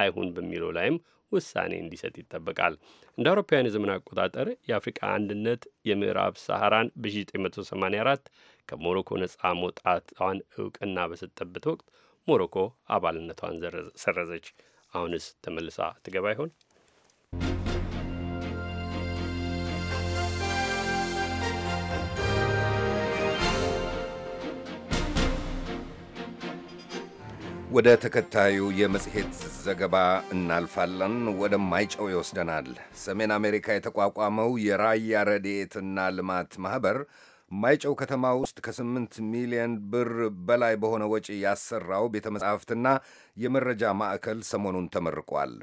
አይሁን በሚለው ላይም ውሳኔ እንዲሰጥ ይጠበቃል። እንደ አውሮፓውያን የዘመን አቆጣጠር የአፍሪቃ አንድነት የምዕራብ ሰሐራን በ1984 ከሞሮኮ ነፃ መውጣቷን እውቅና በሰጠበት ወቅት ሞሮኮ አባልነቷን ሰረዘች። አሁንስ ተመልሳ ትገባ ይሆን? ወደ ተከታዩ የመጽሔት ዘገባ እናልፋለን። ወደ ማይጨው ይወስደናል። ሰሜን አሜሪካ የተቋቋመው የራያ ረድኤትና ልማት ማኅበር ማይጨው ከተማ ውስጥ ከ8 ሚሊዮን ብር በላይ በሆነ ወጪ ያሰራው ቤተ መጻሕፍትና የመረጃ ማዕከል ሰሞኑን ተመርቋል።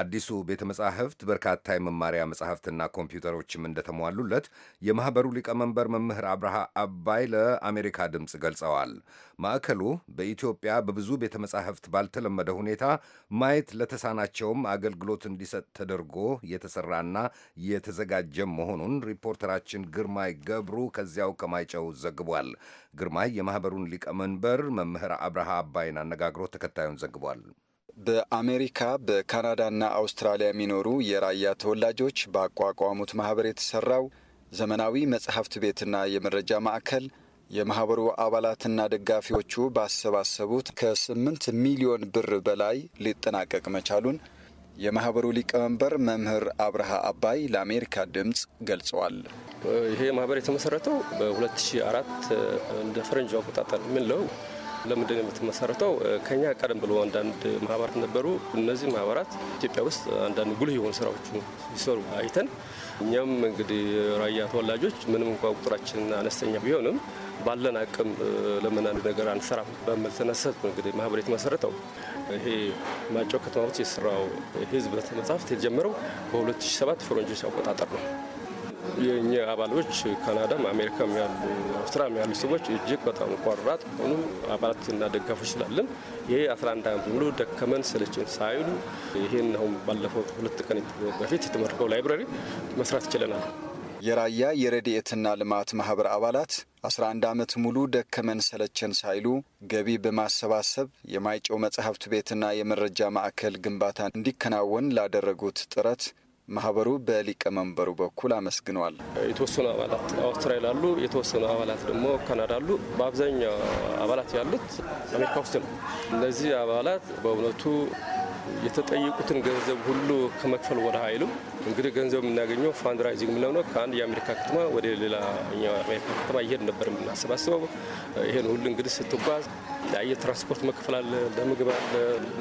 አዲሱ ቤተ መጻሕፍት በርካታ የመማሪያ መጻሕፍትና ኮምፒውተሮችም እንደተሟሉለት የማኅበሩ ሊቀመንበር መምህር አብርሃ አባይ ለአሜሪካ ድምፅ ገልጸዋል። ማዕከሉ በኢትዮጵያ በብዙ ቤተ መጻሕፍት ባልተለመደ ሁኔታ ማየት ለተሳናቸውም አገልግሎት እንዲሰጥ ተደርጎ የተሠራና የተዘጋጀ መሆኑን ሪፖርተራችን ግርማይ ገብሩ ከዚያው ከማይጨው ዘግቧል። ግርማይ የማኅበሩን ሊቀመንበር መምህር አብርሃ አባይን አነጋግሮ ተከታዩን ዘግቧል። በአሜሪካ በካናዳና አውስትራሊያ የሚኖሩ የራያ ተወላጆች ባቋቋሙት ማህበር የተሰራው ዘመናዊ መጽሐፍት ቤትና የመረጃ ማዕከል የማህበሩ አባላትና ደጋፊዎቹ ባሰባሰቡት ከስምንት ሚሊዮን ብር በላይ ሊጠናቀቅ መቻሉን የማህበሩ ሊቀመንበር መምህር አብርሃ አባይ ለአሜሪካ ድምፅ ገልጸዋል። ይሄ ማህበር የተመሰረተው በ2004 እንደ ፈረንጅ አቆጣጠር የምንለው ለምንድን ነው የምትመሰረተው? ከኛ ቀደም ብሎ አንዳንድ ማህበራት ነበሩ። እነዚህ ማህበራት ኢትዮጵያ ውስጥ አንዳንድ ጉልህ የሆኑ ስራዎች ሲሰሩ አይተን እኛም እንግዲህ ራያ ተወላጆች ምንም እንኳ ቁጥራችን አነስተኛ ቢሆንም ባለን አቅም ለምን አንድ ነገር አንሰራም በሚል ተነሰት እንግዲህ ማህበር የተመሰረተው። ይሄ ማይጨው ከተማ ውስጥ የስራው ህዝብ መጽሐፍት የተጀመረው በ2007 ፈረንጆች አቆጣጠር ነው። የእኛ አባሎች ካናዳም አሜሪካም ያሉ አውስትራሊያም ያሉ ሰዎች እጅግ በጣም ቆራጥ ሆኑ አባላት እና ደጋፎች ስላለን ይሄ 11 ዓመት ሙሉ ደከመን ስልችን ሳይሉ ይህን አሁን ባለፈው ሁለት ቀን በፊት የተመረቀው ላይብረሪ መስራት ችለናል። የራያ የረድኤትና ልማት ማህበር አባላት 11 ዓመት ሙሉ ደከመን ሰለቸን ሳይሉ ገቢ በማሰባሰብ የማይጨው መጽሐፍት ቤትና የመረጃ ማዕከል ግንባታ እንዲከናወን ላደረጉት ጥረት ማህበሩ በሊቀመንበሩ በኩል አመስግነዋል። የተወሰኑ አባላት አውስትራሊያ አሉ፣ የተወሰኑ አባላት ደግሞ ካናዳ አሉ። በአብዛኛው አባላት ያሉት አሜሪካ ውስጥ ነው። እነዚህ አባላት በእውነቱ የተጠየቁትን ገንዘብ ሁሉ ከመክፈል ወደ አይሉም እንግዲህ ገንዘብ የምናገኘው ፋንድራይዚንግ ምለው ነው። ከአንድ የአሜሪካ ከተማ ወደ ሌላ አሜሪካ ከተማ እየሄድ ነበር የምናሰባስበው። ይሄን ሁሉ እንግዲህ ስትጓዝ የአየር ትራንስፖርት መክፈል አለ፣ ለምግብ አለ።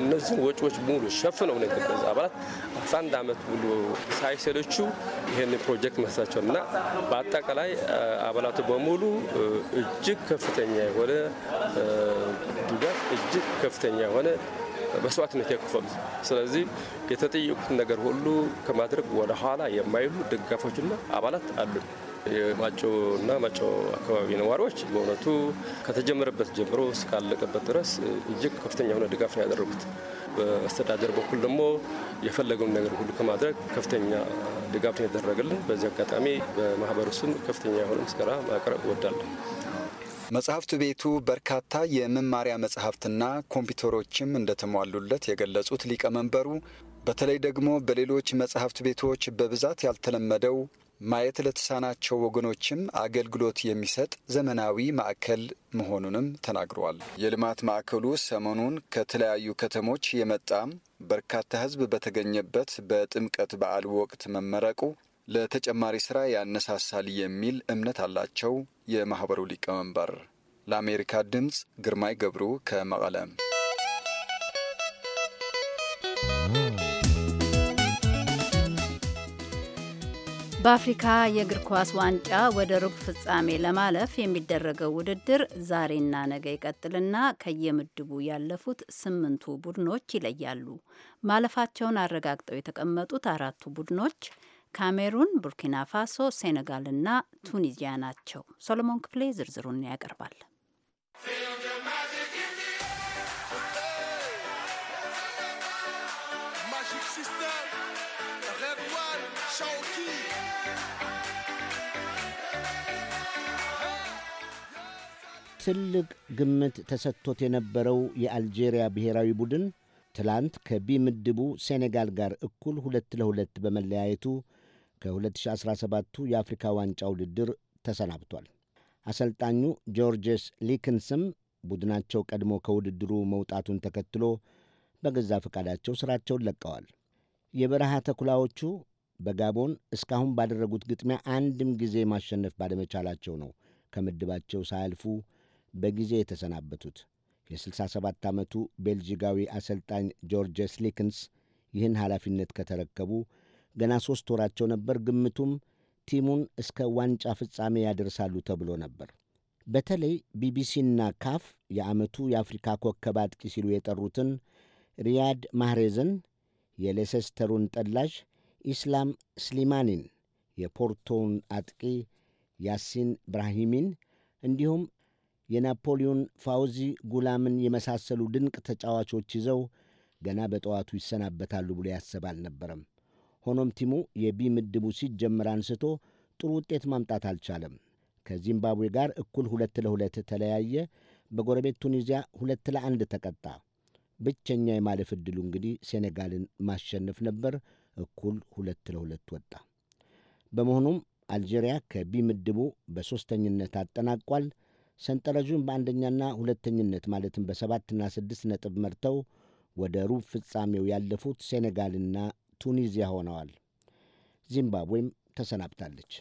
እነዚህን ወጪዎች ሙሉ ሸፍነው ነው ግበዝ አባላት አስራ አንድ አመት ሙሉ ሳይሰለችው ይህን ፕሮጀክት መሳቸው እና በአጠቃላይ አባላቱ በሙሉ እጅግ ከፍተኛ የሆነ ድጋፍ እጅግ ከፍተኛ የሆነ መስዋዕትነት የከፈሉት። ስለዚህ የተጠየቁት ነገር ሁሉ ከማድረግ ወደ ኋላ የማይሉ ደጋፎችና አባላት አሉ። የማጮና ማጮ አካባቢ ነዋሪዎች በእውነቱ ከተጀመረበት ጀምሮ እስካለቀበት ድረስ እጅግ ከፍተኛ የሆነ ድጋፍ ነው ያደረጉት። በአስተዳደር በኩል ደግሞ የፈለገውን ነገር ሁሉ ከማድረግ ከፍተኛ ድጋፍ ነው ያደረገልን። በዚህ አጋጣሚ በማህበሩ ስም ከፍተኛ የሆነ ምስጋና ማቅረብ እወዳለሁ። መጽሐፍት ቤቱ በርካታ የመማሪያ መጽሐፍትና ኮምፒውተሮችም እንደተሟሉለት የገለጹት ሊቀመንበሩ በተለይ ደግሞ በሌሎች መጽሐፍት ቤቶች በብዛት ያልተለመደው ማየት ለተሳናቸው ወገኖችም አገልግሎት የሚሰጥ ዘመናዊ ማዕከል መሆኑንም ተናግረዋል። የልማት ማዕከሉ ሰሞኑን ከተለያዩ ከተሞች የመጣም በርካታ ሕዝብ በተገኘበት በጥምቀት በዓል ወቅት መመረቁ ለተጨማሪ ስራ ያነሳሳል የሚል እምነት አላቸው የማህበሩ ሊቀመንበር። ለአሜሪካ ድምፅ ግርማይ ገብሩ ከመቀለ። በአፍሪካ የእግር ኳስ ዋንጫ ወደ ሩብ ፍጻሜ ለማለፍ የሚደረገው ውድድር ዛሬና ነገ ይቀጥልና ከየምድቡ ያለፉት ስምንቱ ቡድኖች ይለያሉ። ማለፋቸውን አረጋግጠው የተቀመጡት አራቱ ቡድኖች ካሜሩን፣ ቡርኪና ፋሶ፣ ሴኔጋልና ቱኒዚያ ናቸው። ሶሎሞን ክፍሌ ዝርዝሩን ያቀርባል። ትልቅ ግምት ተሰጥቶት የነበረው የአልጄሪያ ብሔራዊ ቡድን ትላንት ከቢ ምድቡ ሴኔጋል ጋር እኩል ሁለት ለሁለት በመለያየቱ ከ2017ቱ የአፍሪካ ዋንጫ ውድድር ተሰናብቷል። አሰልጣኙ ጆርጅስ ሊክንስም ቡድናቸው ቀድሞ ከውድድሩ መውጣቱን ተከትሎ በገዛ ፈቃዳቸው ሥራቸውን ለቀዋል። የበረሃ ተኩላዎቹ በጋቦን እስካሁን ባደረጉት ግጥሚያ አንድም ጊዜ ማሸነፍ ባለመቻላቸው ነው ከምድባቸው ሳያልፉ በጊዜ የተሰናበቱት። የ67 ዓመቱ ቤልጂጋዊ አሰልጣኝ ጆርጅስ ሊክንስ ይህን ኃላፊነት ከተረከቡ ገና ሦስት ወራቸው ነበር። ግምቱም ቲሙን እስከ ዋንጫ ፍጻሜ ያደርሳሉ ተብሎ ነበር። በተለይ ቢቢሲና ካፍ የዓመቱ የአፍሪካ ኮከብ አጥቂ ሲሉ የጠሩትን ሪያድ ማህሬዝን፣ የሌሴስተሩን ጠላሽ ኢስላም ስሊማኒን፣ የፖርቶውን አጥቂ ያሲን ብራሂሚን እንዲሁም የናፖሊዮን ፋውዚ ጉላምን የመሳሰሉ ድንቅ ተጫዋቾች ይዘው ገና በጠዋቱ ይሰናበታሉ ብሎ ያሰብ አልነበረም። ሆኖም ቲሙ የቢ ምድቡ ሲጀምር አንስቶ ጥሩ ውጤት ማምጣት አልቻለም። ከዚምባብዌ ጋር እኩል ሁለት ለሁለት ተለያየ። በጎረቤት ቱኒዚያ ሁለት ለአንድ ተቀጣ። ብቸኛ የማለፍ ዕድሉ እንግዲህ ሴኔጋልን ማሸነፍ ነበር። እኩል ሁለት ለሁለት ወጣ። በመሆኑም አልጄሪያ ከቢ ምድቡ በሦስተኝነት አጠናቋል። ሰንጠረዡን በአንደኛና ሁለተኝነት ማለትም በሰባትና ስድስት ነጥብ መርተው ወደ ሩብ ፍጻሜው ያለፉት ሴኔጋልና ቱኒዚያ ሆነዋል። ዚምባብዌም ተሰናብታለች።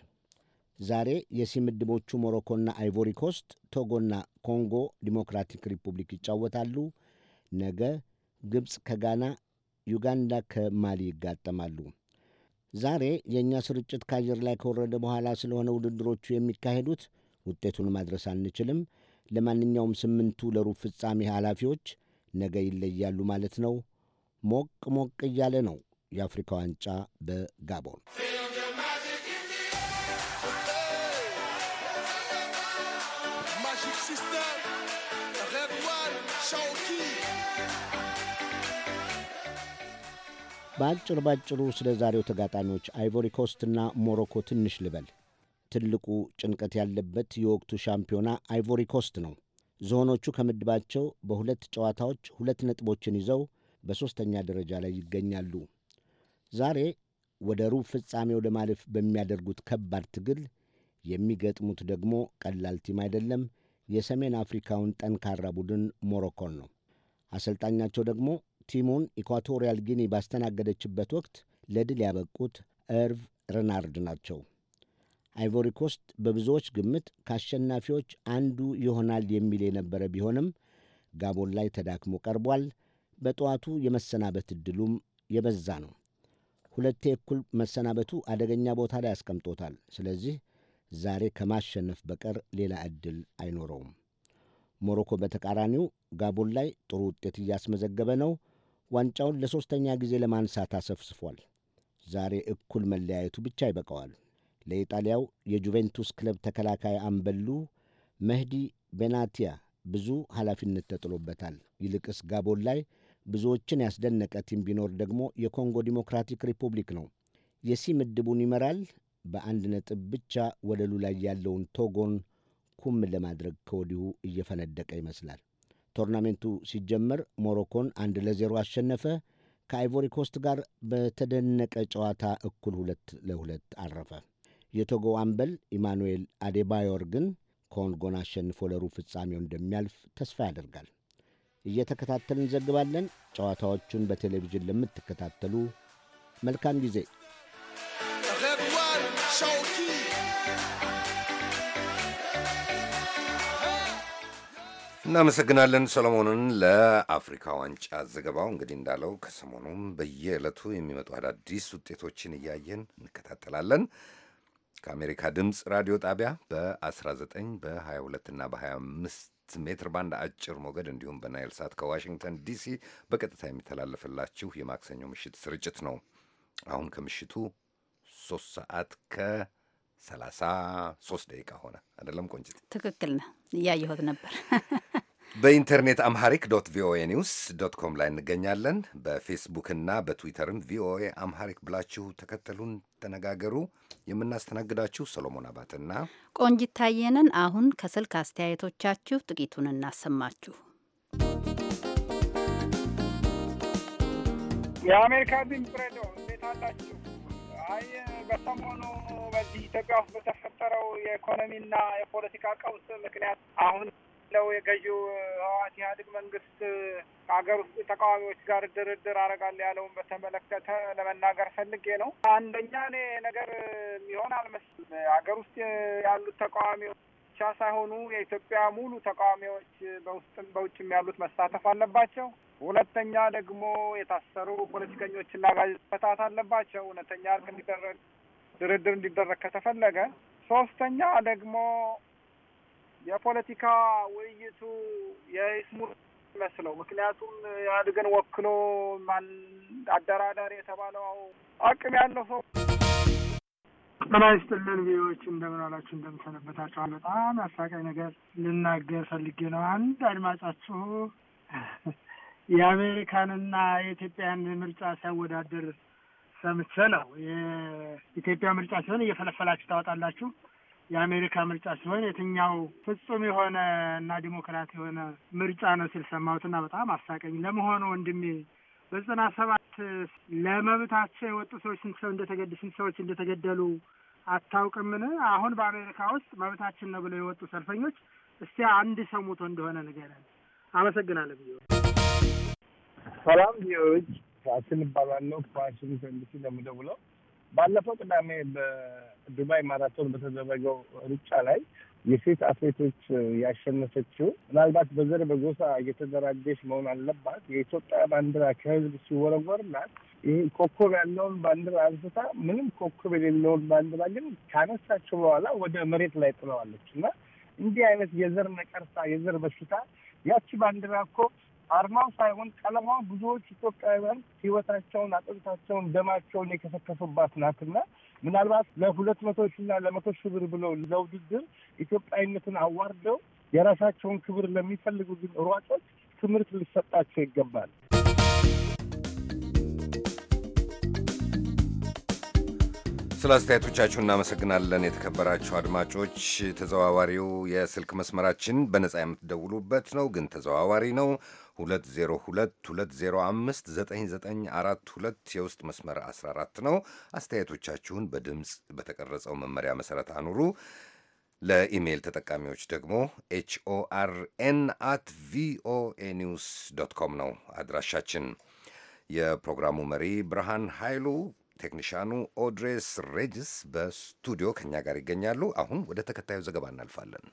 ዛሬ የሲ ምድቦቹ ሞሮኮና አይቮሪ ኮስት፣ ቶጎና ኮንጎ ዲሞክራቲክ ሪፑብሊክ ይጫወታሉ። ነገ ግብፅ ከጋና፣ ዩጋንዳ ከማሊ ይጋጠማሉ። ዛሬ የእኛ ስርጭት ከአየር ላይ ከወረደ በኋላ ስለሆነ ውድድሮቹ የሚካሄዱት ውጤቱን ማድረስ አንችልም። ለማንኛውም ስምንቱ ለሩብ ፍጻሜ ኃላፊዎች ነገ ይለያሉ ማለት ነው። ሞቅ ሞቅ እያለ ነው የአፍሪካ ዋንጫ በጋቦን በአጭር ባጭሩ ስለ ዛሬው ተጋጣሚዎች አይቮሪ ኮስትና ሞሮኮ ትንሽ ልበል። ትልቁ ጭንቀት ያለበት የወቅቱ ሻምፒዮና አይቮሪ ኮስት ነው። ዝሆኖቹ ከምድባቸው በሁለት ጨዋታዎች ሁለት ነጥቦችን ይዘው በሦስተኛ ደረጃ ላይ ይገኛሉ። ዛሬ ወደ ሩብ ፍጻሜው ለማለፍ በሚያደርጉት ከባድ ትግል የሚገጥሙት ደግሞ ቀላል ቲም አይደለም። የሰሜን አፍሪካውን ጠንካራ ቡድን ሞሮኮን ነው። አሰልጣኛቸው ደግሞ ቲሙን ኢኳቶሪያል ጊኒ ባስተናገደችበት ወቅት ለድል ያበቁት እርቭ ረናርድ ናቸው። አይቮሪኮስት በብዙዎች ግምት ከአሸናፊዎች አንዱ ይሆናል የሚል የነበረ ቢሆንም ጋቦን ላይ ተዳክሞ ቀርቧል። በጠዋቱ የመሰናበት ዕድሉም የበዛ ነው። ሁለቴ እኩል መሰናበቱ አደገኛ ቦታ ላይ አስቀምጦታል። ስለዚህ ዛሬ ከማሸነፍ በቀር ሌላ ዕድል አይኖረውም። ሞሮኮ በተቃራኒው ጋቦን ላይ ጥሩ ውጤት እያስመዘገበ ነው። ዋንጫውን ለሦስተኛ ጊዜ ለማንሳት አሰፍስፏል። ዛሬ እኩል መለያየቱ ብቻ ይበቀዋል። ለኢጣሊያው የጁቬንቱስ ክለብ ተከላካይ አምበሉ መህዲ ቤናቲያ ብዙ ኃላፊነት ተጥሎበታል። ይልቅስ ጋቦን ላይ ብዙዎችን ያስደነቀ ቲም ቢኖር ደግሞ የኮንጎ ዲሞክራቲክ ሪፑብሊክ ነው። የሲ ምድቡን ይመራል። በአንድ ነጥብ ብቻ ወለሉ ላይ ያለውን ቶጎን ኩም ለማድረግ ከወዲሁ እየፈነደቀ ይመስላል። ቶርናሜንቱ ሲጀመር ሞሮኮን አንድ ለዜሮ አሸነፈ። ከአይቮሪ ኮስት ጋር በተደነቀ ጨዋታ እኩል ሁለት ለሁለት አረፈ። የቶጎ አምበል ኢማኑኤል አዴባዮር ግን ኮንጎን አሸንፎ ለሩብ ፍጻሜው እንደሚያልፍ ተስፋ ያደርጋል። እየተከታተል እንዘግባለን። ጨዋታዎቹን በቴሌቪዥን ለምትከታተሉ መልካም ጊዜ። እናመሰግናለን ሰሎሞንን ለአፍሪካ ዋንጫ ዘገባው። እንግዲህ እንዳለው ከሰሞኑም በየዕለቱ የሚመጡ አዳዲስ ውጤቶችን እያየን እንከታተላለን። ከአሜሪካ ድምፅ ራዲዮ ጣቢያ በ19 በ22 እና በ25 አራት ሜትር ባንድ አጭር ሞገድ እንዲሁም በናይል ሳት ከዋሽንግተን ዲሲ በቀጥታ የሚተላለፍላችሁ የማክሰኞ ምሽት ስርጭት ነው። አሁን ከምሽቱ 3 ሰዓት ከ ሶስት ደቂቃ ሆነ። አይደለም ቆንጭት፣ ትክክል ነህ። እያየሁት ነበር። <laughs> በኢንተርኔት አምሃሪክ ዶት ቪኦኤ ኒውስ ዶት ኮም ላይ እንገኛለን። በፌስቡክና በትዊተርም ቪኦኤ አምሃሪክ ብላችሁ ተከተሉን፣ ተነጋገሩ። የምናስተናግዳችሁ ሰሎሞን አባትና ቆንጂት ታየንን አሁን ከስልክ አስተያየቶቻችሁ ጥቂቱን እናሰማችሁ። የአሜሪካ ድምፅ ሬዲዮ እንዴት አላችሁ? አይ በሰሞኑ በዚህ ኢትዮጵያ ውስጥ በተፈጠረው የኢኮኖሚና የፖለቲካ ቀውስ ምክንያት አሁን ለው የገዢው ህወሓት ኢህአዴግ መንግስት ከሀገር ውስጥ ተቃዋሚዎች ጋር ድርድር አደርጋለሁ ያለውን በተመለከተ ለመናገር ፈልጌ ነው። አንደኛ እኔ ነገር የሚሆን አልመስልም። ሀገር ውስጥ ያሉት ተቃዋሚዎች ብቻ ሳይሆኑ የኢትዮጵያ ሙሉ ተቃዋሚዎች በውስጥም በውጭም ያሉት መሳተፍ አለባቸው። ሁለተኛ ደግሞ የታሰሩ ፖለቲከኞችና ጋዜጠኞች መፈታት አለባቸው፣ እውነተኛ እርቅ እንዲደረግ ድርድር እንዲደረግ ከተፈለገ። ሶስተኛ ደግሞ የፖለቲካ ውይይቱ የይስሙር ይመስለው ምክንያቱም ኢህአዴግን ወክሎ አደራዳሪ የተባለው አቅም ያለው ሰው ጤና ይስጥልን ቪዎች እንደምን አላችሁ እንደምሰነበታችኋል። በጣም አሳቃይ ነገር ልናገር ፈልጌ ነው። አንድ አድማጫችሁ <laughs> የአሜሪካንና የኢትዮጵያን ምርጫ ሲያወዳደር ሰምቼ ነው። የኢትዮጵያ ምርጫ ሲሆን እየፈለፈላችሁ ታወጣላችሁ የአሜሪካ ምርጫ ሲሆን የትኛው ፍጹም የሆነ እና ዲሞክራት የሆነ ምርጫ ነው ሲል ሰማሁትና በጣም አሳቀኝ። ለመሆኑ ወንድሜ በዘጠና ሰባት ለመብታቸው የወጡ ሰዎች ስንት ሰው እንደተገደ ስንት ሰዎች እንደተገደሉ አታውቅምን? አሁን በአሜሪካ ውስጥ መብታችን ነው ብለው የወጡ ሰልፈኞች እስቲ አንድ ሰው ሞቶ እንደሆነ ንገረን። አመሰግናለሁ። ብዬ ሰላም ዜዎች አስንባባለው ከዋሽንግተን ዲሲ ለምደውለው ባለፈው ቅዳሜ በዱባይ ማራቶን በተደረገው ሩጫ ላይ የሴት አትሌቶች ያሸነፈችው ምናልባት በዘር በጎሳ እየተደራጀች መሆን አለባት። የኢትዮጵያ ባንዲራ ከህዝብ ሲወረወርላት ይህ ኮከብ ያለውን ባንዲራ አንስታ ምንም ኮከብ የሌለውን ባንዲራ ግን ካነሳችው በኋላ ወደ መሬት ላይ ጥለዋለች እና እንዲህ አይነት የዘር ነቀርሳ፣ የዘር በሽታ ያቺ ባንዲራ እኮ አርማው ሳይሆን ቀለማው ብዙዎች ኢትዮጵያውያን ህይወታቸውን አጥንታቸውን ደማቸውን የከሰከሱባት ናትና ምናልባት ለሁለት መቶ ሺና ለመቶ ሺ ብር ብለው ለውድድር ኢትዮጵያዊነትን አዋርደው የራሳቸውን ክብር ለሚፈልጉ ሯጮች ትምህርት ሊሰጣቸው ይገባል። ስለ አስተያየቶቻችሁ እናመሰግናለን። የተከበራችሁ አድማጮች፣ ተዘዋዋሪው የስልክ መስመራችን በነጻ የምትደውሉበት ነው፣ ግን ተዘዋዋሪ ነው። 2022059942 የውስጥ መስመር 14 ነው። አስተያየቶቻችሁን በድምፅ በተቀረጸው መመሪያ መሰረት አኑሩ። ለኢሜይል ተጠቃሚዎች ደግሞ ኤችኦአርኤን አት ቪኦኤ ኒውስ ዶት ኮም ነው አድራሻችን። የፕሮግራሙ መሪ ብርሃን ኃይሉ ቴክኒሻኑ ኦድሬስ ሬጅስ በስቱዲዮ ከኛ ጋር ይገኛሉ። አሁን ወደ ተከታዩ ዘገባ እናልፋለን።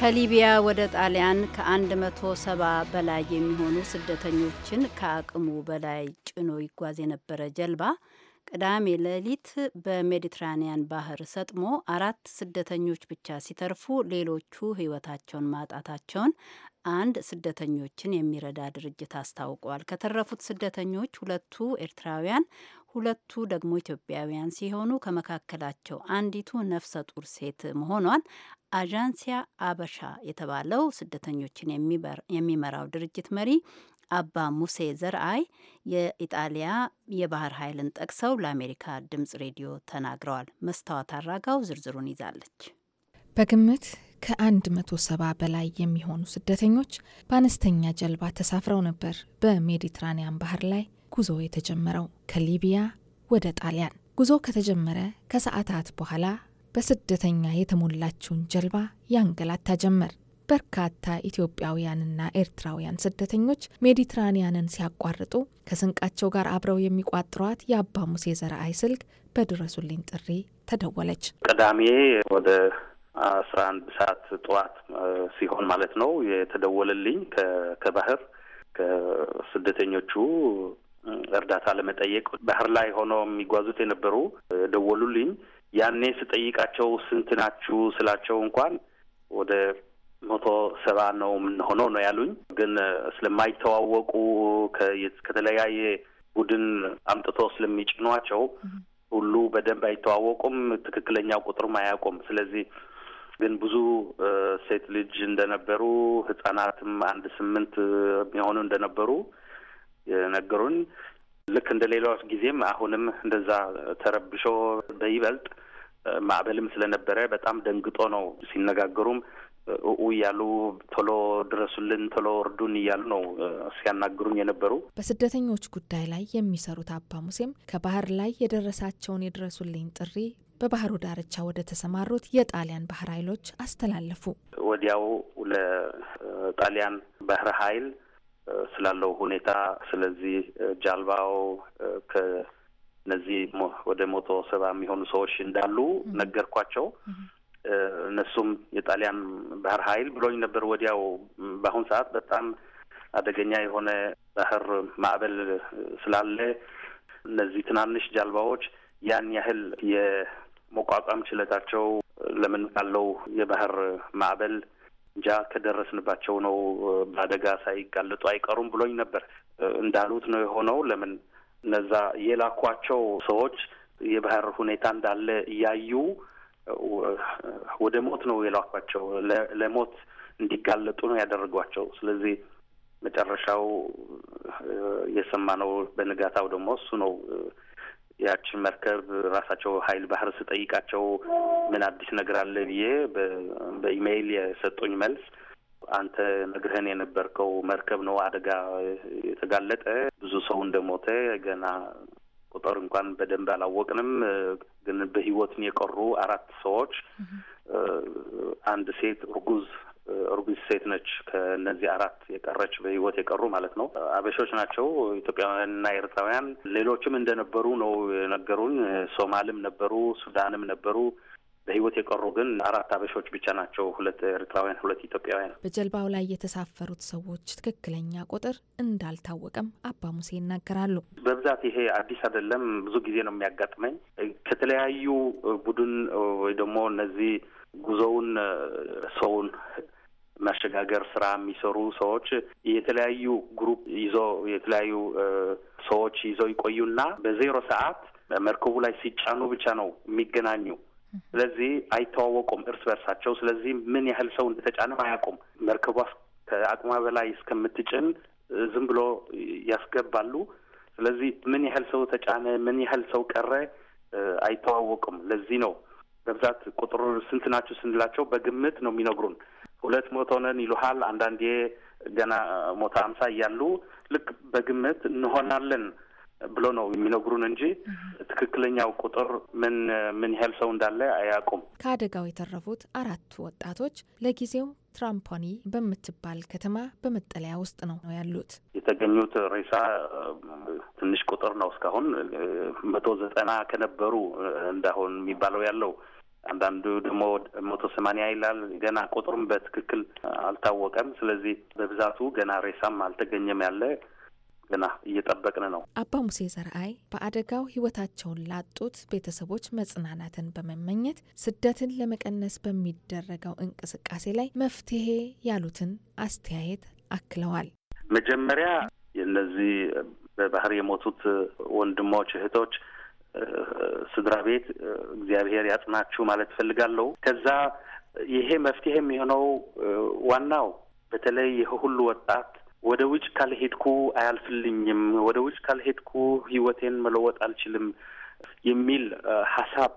ከሊቢያ ወደ ጣሊያን ከ170 በላይ የሚሆኑ ስደተኞችን ከአቅሙ በላይ ጭኖ ይጓዝ የነበረ ጀልባ ቅዳሜ ሌሊት በሜዲትራኒያን ባህር ሰጥሞ አራት ስደተኞች ብቻ ሲተርፉ ሌሎቹ ሕይወታቸውን ማጣታቸውን አንድ ስደተኞችን የሚረዳ ድርጅት አስታውቋል። ከተረፉት ስደተኞች ሁለቱ ኤርትራውያን፣ ሁለቱ ደግሞ ኢትዮጵያውያን ሲሆኑ ከመካከላቸው አንዲቱ ነፍሰ ጡር ሴት መሆኗን አዣንሲያ አበሻ የተባለው ስደተኞችን የሚመራው ድርጅት መሪ አባ ሙሴ ዘርአይ የኢጣሊያ የባህር ኃይልን ጠቅሰው ለአሜሪካ ድምጽ ሬዲዮ ተናግረዋል። መስታወት አራጋው ዝርዝሩን ይዛለች። በግምት ከ170 በላይ የሚሆኑ ስደተኞች በአነስተኛ ጀልባ ተሳፍረው ነበር በሜዲትራኒያን ባህር ላይ ጉዞ የተጀመረው ከሊቢያ ወደ ጣሊያን። ጉዞ ከተጀመረ ከሰዓታት በኋላ በስደተኛ የተሞላችውን ጀልባ ያንገላታ ጀመር። በርካታ ኢትዮጵያውያንና ኤርትራውያን ስደተኞች ሜዲትራኒያንን ሲያቋርጡ ከስንቃቸው ጋር አብረው የሚቋጥሯት የአባ ሙሴ ዘርአይ ስልክ በድረሱልኝ ጥሪ ተደወለች። ቅዳሜ ወደ አስራ አንድ ሰዓት ጠዋት ሲሆን ማለት ነው የተደወለልኝ ከባህር ከስደተኞቹ እርዳታ ለመጠየቅ ባህር ላይ ሆነው የሚጓዙት የነበሩ ደወሉልኝ። ያኔ ስጠይቃቸው ስንት ናችሁ ስላቸው እንኳን ወደ መቶ ሰባ ነው የምንሆነው ነው ያሉኝ። ግን ስለማይተዋወቁ ከተለያየ ቡድን አምጥቶ ስለሚጭኗቸው ሁሉ በደንብ አይተዋወቁም። ትክክለኛ ቁጥርም አያውቁም። ስለዚህ ግን ብዙ ሴት ልጅ እንደነበሩ ህጻናትም አንድ ስምንት የሚሆኑ እንደነበሩ የነገሩን ልክ እንደ ሌላዎች ጊዜም አሁንም እንደዛ ተረብሾ በይበልጥ ማዕበልም ስለነበረ በጣም ደንግጦ ነው ሲነጋገሩም እኡ እያሉ ቶሎ ድረሱልን፣ ቶሎ እርዱን እያሉ ነው ሲያናግሩኝ የነበሩ። በስደተኞች ጉዳይ ላይ የሚሰሩት አባ ሙሴም ከባህር ላይ የደረሳቸውን የድረሱልኝ ጥሪ በባህሩ ዳርቻ ወደ ተሰማሩት የጣሊያን ባህር ኃይሎች አስተላለፉ። ወዲያው ለጣሊያን ባህር ኃይል ስላለው ሁኔታ ስለዚህ ጃልባው ከነዚህ ወደ መቶ ሰባ የሚሆኑ ሰዎች እንዳሉ ነገርኳቸው። እነሱም የጣሊያን ባህር ኃይል ብሎኝ ነበር። ወዲያው በአሁን ሰዓት በጣም አደገኛ የሆነ ባህር ማዕበል ስላለ እነዚህ ትናንሽ ጃልባዎች ያን ያህል መቋቋም ችለታቸው ለምን ካለው የባህር ማዕበል እንጃ ከደረስንባቸው ነው በአደጋ ሳይጋለጡ አይቀሩም ብሎኝ ነበር። እንዳሉት ነው የሆነው። ለምን እነዛ የላኳቸው ሰዎች የባህር ሁኔታ እንዳለ እያዩ ወደ ሞት ነው የላኳቸው። ለሞት እንዲጋለጡ ነው ያደረጓቸው። ስለዚህ መጨረሻው የሰማነው በንጋታው ደግሞ እሱ ነው። ያችን መርከብ ራሳቸው ኃይል ባህር ስጠይቃቸው ምን አዲስ ነገር አለ ብዬ በኢሜይል የሰጡኝ መልስ አንተ ነግረህን የነበርከው መርከብ ነው አደጋ የተጋለጠ፣ ብዙ ሰው እንደሞተ ገና ቁጥር እንኳን በደንብ አላወቅንም፣ ግን በህይወትን የቀሩ አራት ሰዎች አንድ ሴት እርጉዝ እርጉዝ ሴት ነች። ከእነዚህ አራት የቀረች በህይወት የቀሩ ማለት ነው አበሾች ናቸው። ኢትዮጵያውያንና ኤርትራውያን ሌሎችም እንደነበሩ ነው የነገሩኝ ሶማልም ነበሩ፣ ሱዳንም ነበሩ። በህይወት የቀሩ ግን አራት አበሾች ብቻ ናቸው። ሁለት ኤርትራውያን፣ ሁለት ኢትዮጵያውያን። በጀልባው ላይ የተሳፈሩት ሰዎች ትክክለኛ ቁጥር እንዳልታወቀም አባ ሙሴ ይናገራሉ። በብዛት ይሄ አዲስ አይደለም፣ ብዙ ጊዜ ነው የሚያጋጥመኝ። ከተለያዩ ቡድን ወይ ደግሞ እነዚህ ጉዞውን ሰውን ማሸጋገር ስራ የሚሰሩ ሰዎች የተለያዩ ግሩፕ ይዞ የተለያዩ ሰዎች ይዘው ይቆዩና በዜሮ ሰዓት መርከቡ ላይ ሲጫኑ ብቻ ነው የሚገናኙ። ስለዚህ አይተዋወቁም እርስ በርሳቸው። ስለዚህ ምን ያህል ሰው እንደተጫነም አያውቁም። መርከቧ ከአቅሟ በላይ እስከምትጭን ዝም ብሎ ያስገባሉ። ስለዚህ ምን ያህል ሰው ተጫነ፣ ምን ያህል ሰው ቀረ አይተዋወቁም። ለዚህ ነው በብዛት ቁጥር ስንት ናችሁ ስንላቸው በግምት ነው የሚነግሩን። ሁለት መቶ ነን ይሉሃል። አንዳንዴ ገና ሞተ ሀምሳ እያሉ ልክ በግምት እንሆናለን ብሎ ነው የሚነግሩን እንጂ ትክክለኛው ቁጥር ምን ምን ያህል ሰው እንዳለ አያውቁም። ከአደጋው የተረፉት አራቱ ወጣቶች ለጊዜው ትራምፖኒ በምትባል ከተማ በመጠለያ ውስጥ ነው ያሉት። የተገኙት ሬሳ ትንሽ ቁጥር ነው። እስካሁን መቶ ዘጠና ከነበሩ እንዳሁን የሚባለው ያለው አንዳንዱ ደግሞ መቶ ሰማኒያ ይላል። ገና ቁጥሩም በትክክል አልታወቀም። ስለዚህ በብዛቱ ገና ሬሳም አልተገኘም ያለ ገና እየጠበቅን ነው። አባ ሙሴ ዘርአይ በአደጋው ህይወታቸውን ላጡት ቤተሰቦች መጽናናትን በመመኘት ስደትን ለመቀነስ በሚደረገው እንቅስቃሴ ላይ መፍትሄ ያሉትን አስተያየት አክለዋል። መጀመሪያ የእነዚህ በባህር የሞቱት ወንድሞች እህቶች ስድራ ቤት እግዚአብሔር ያጽናችሁ ማለት እፈልጋለሁ። ከዛ ይሄ መፍትሄ የሚሆነው ዋናው በተለይ ይህ ሁሉ ወጣት ወደ ውጭ ካልሄድኩ አያልፍልኝም፣ ወደ ውጭ ካልሄድኩ ህይወቴን መለወጥ አልችልም የሚል ሀሳብ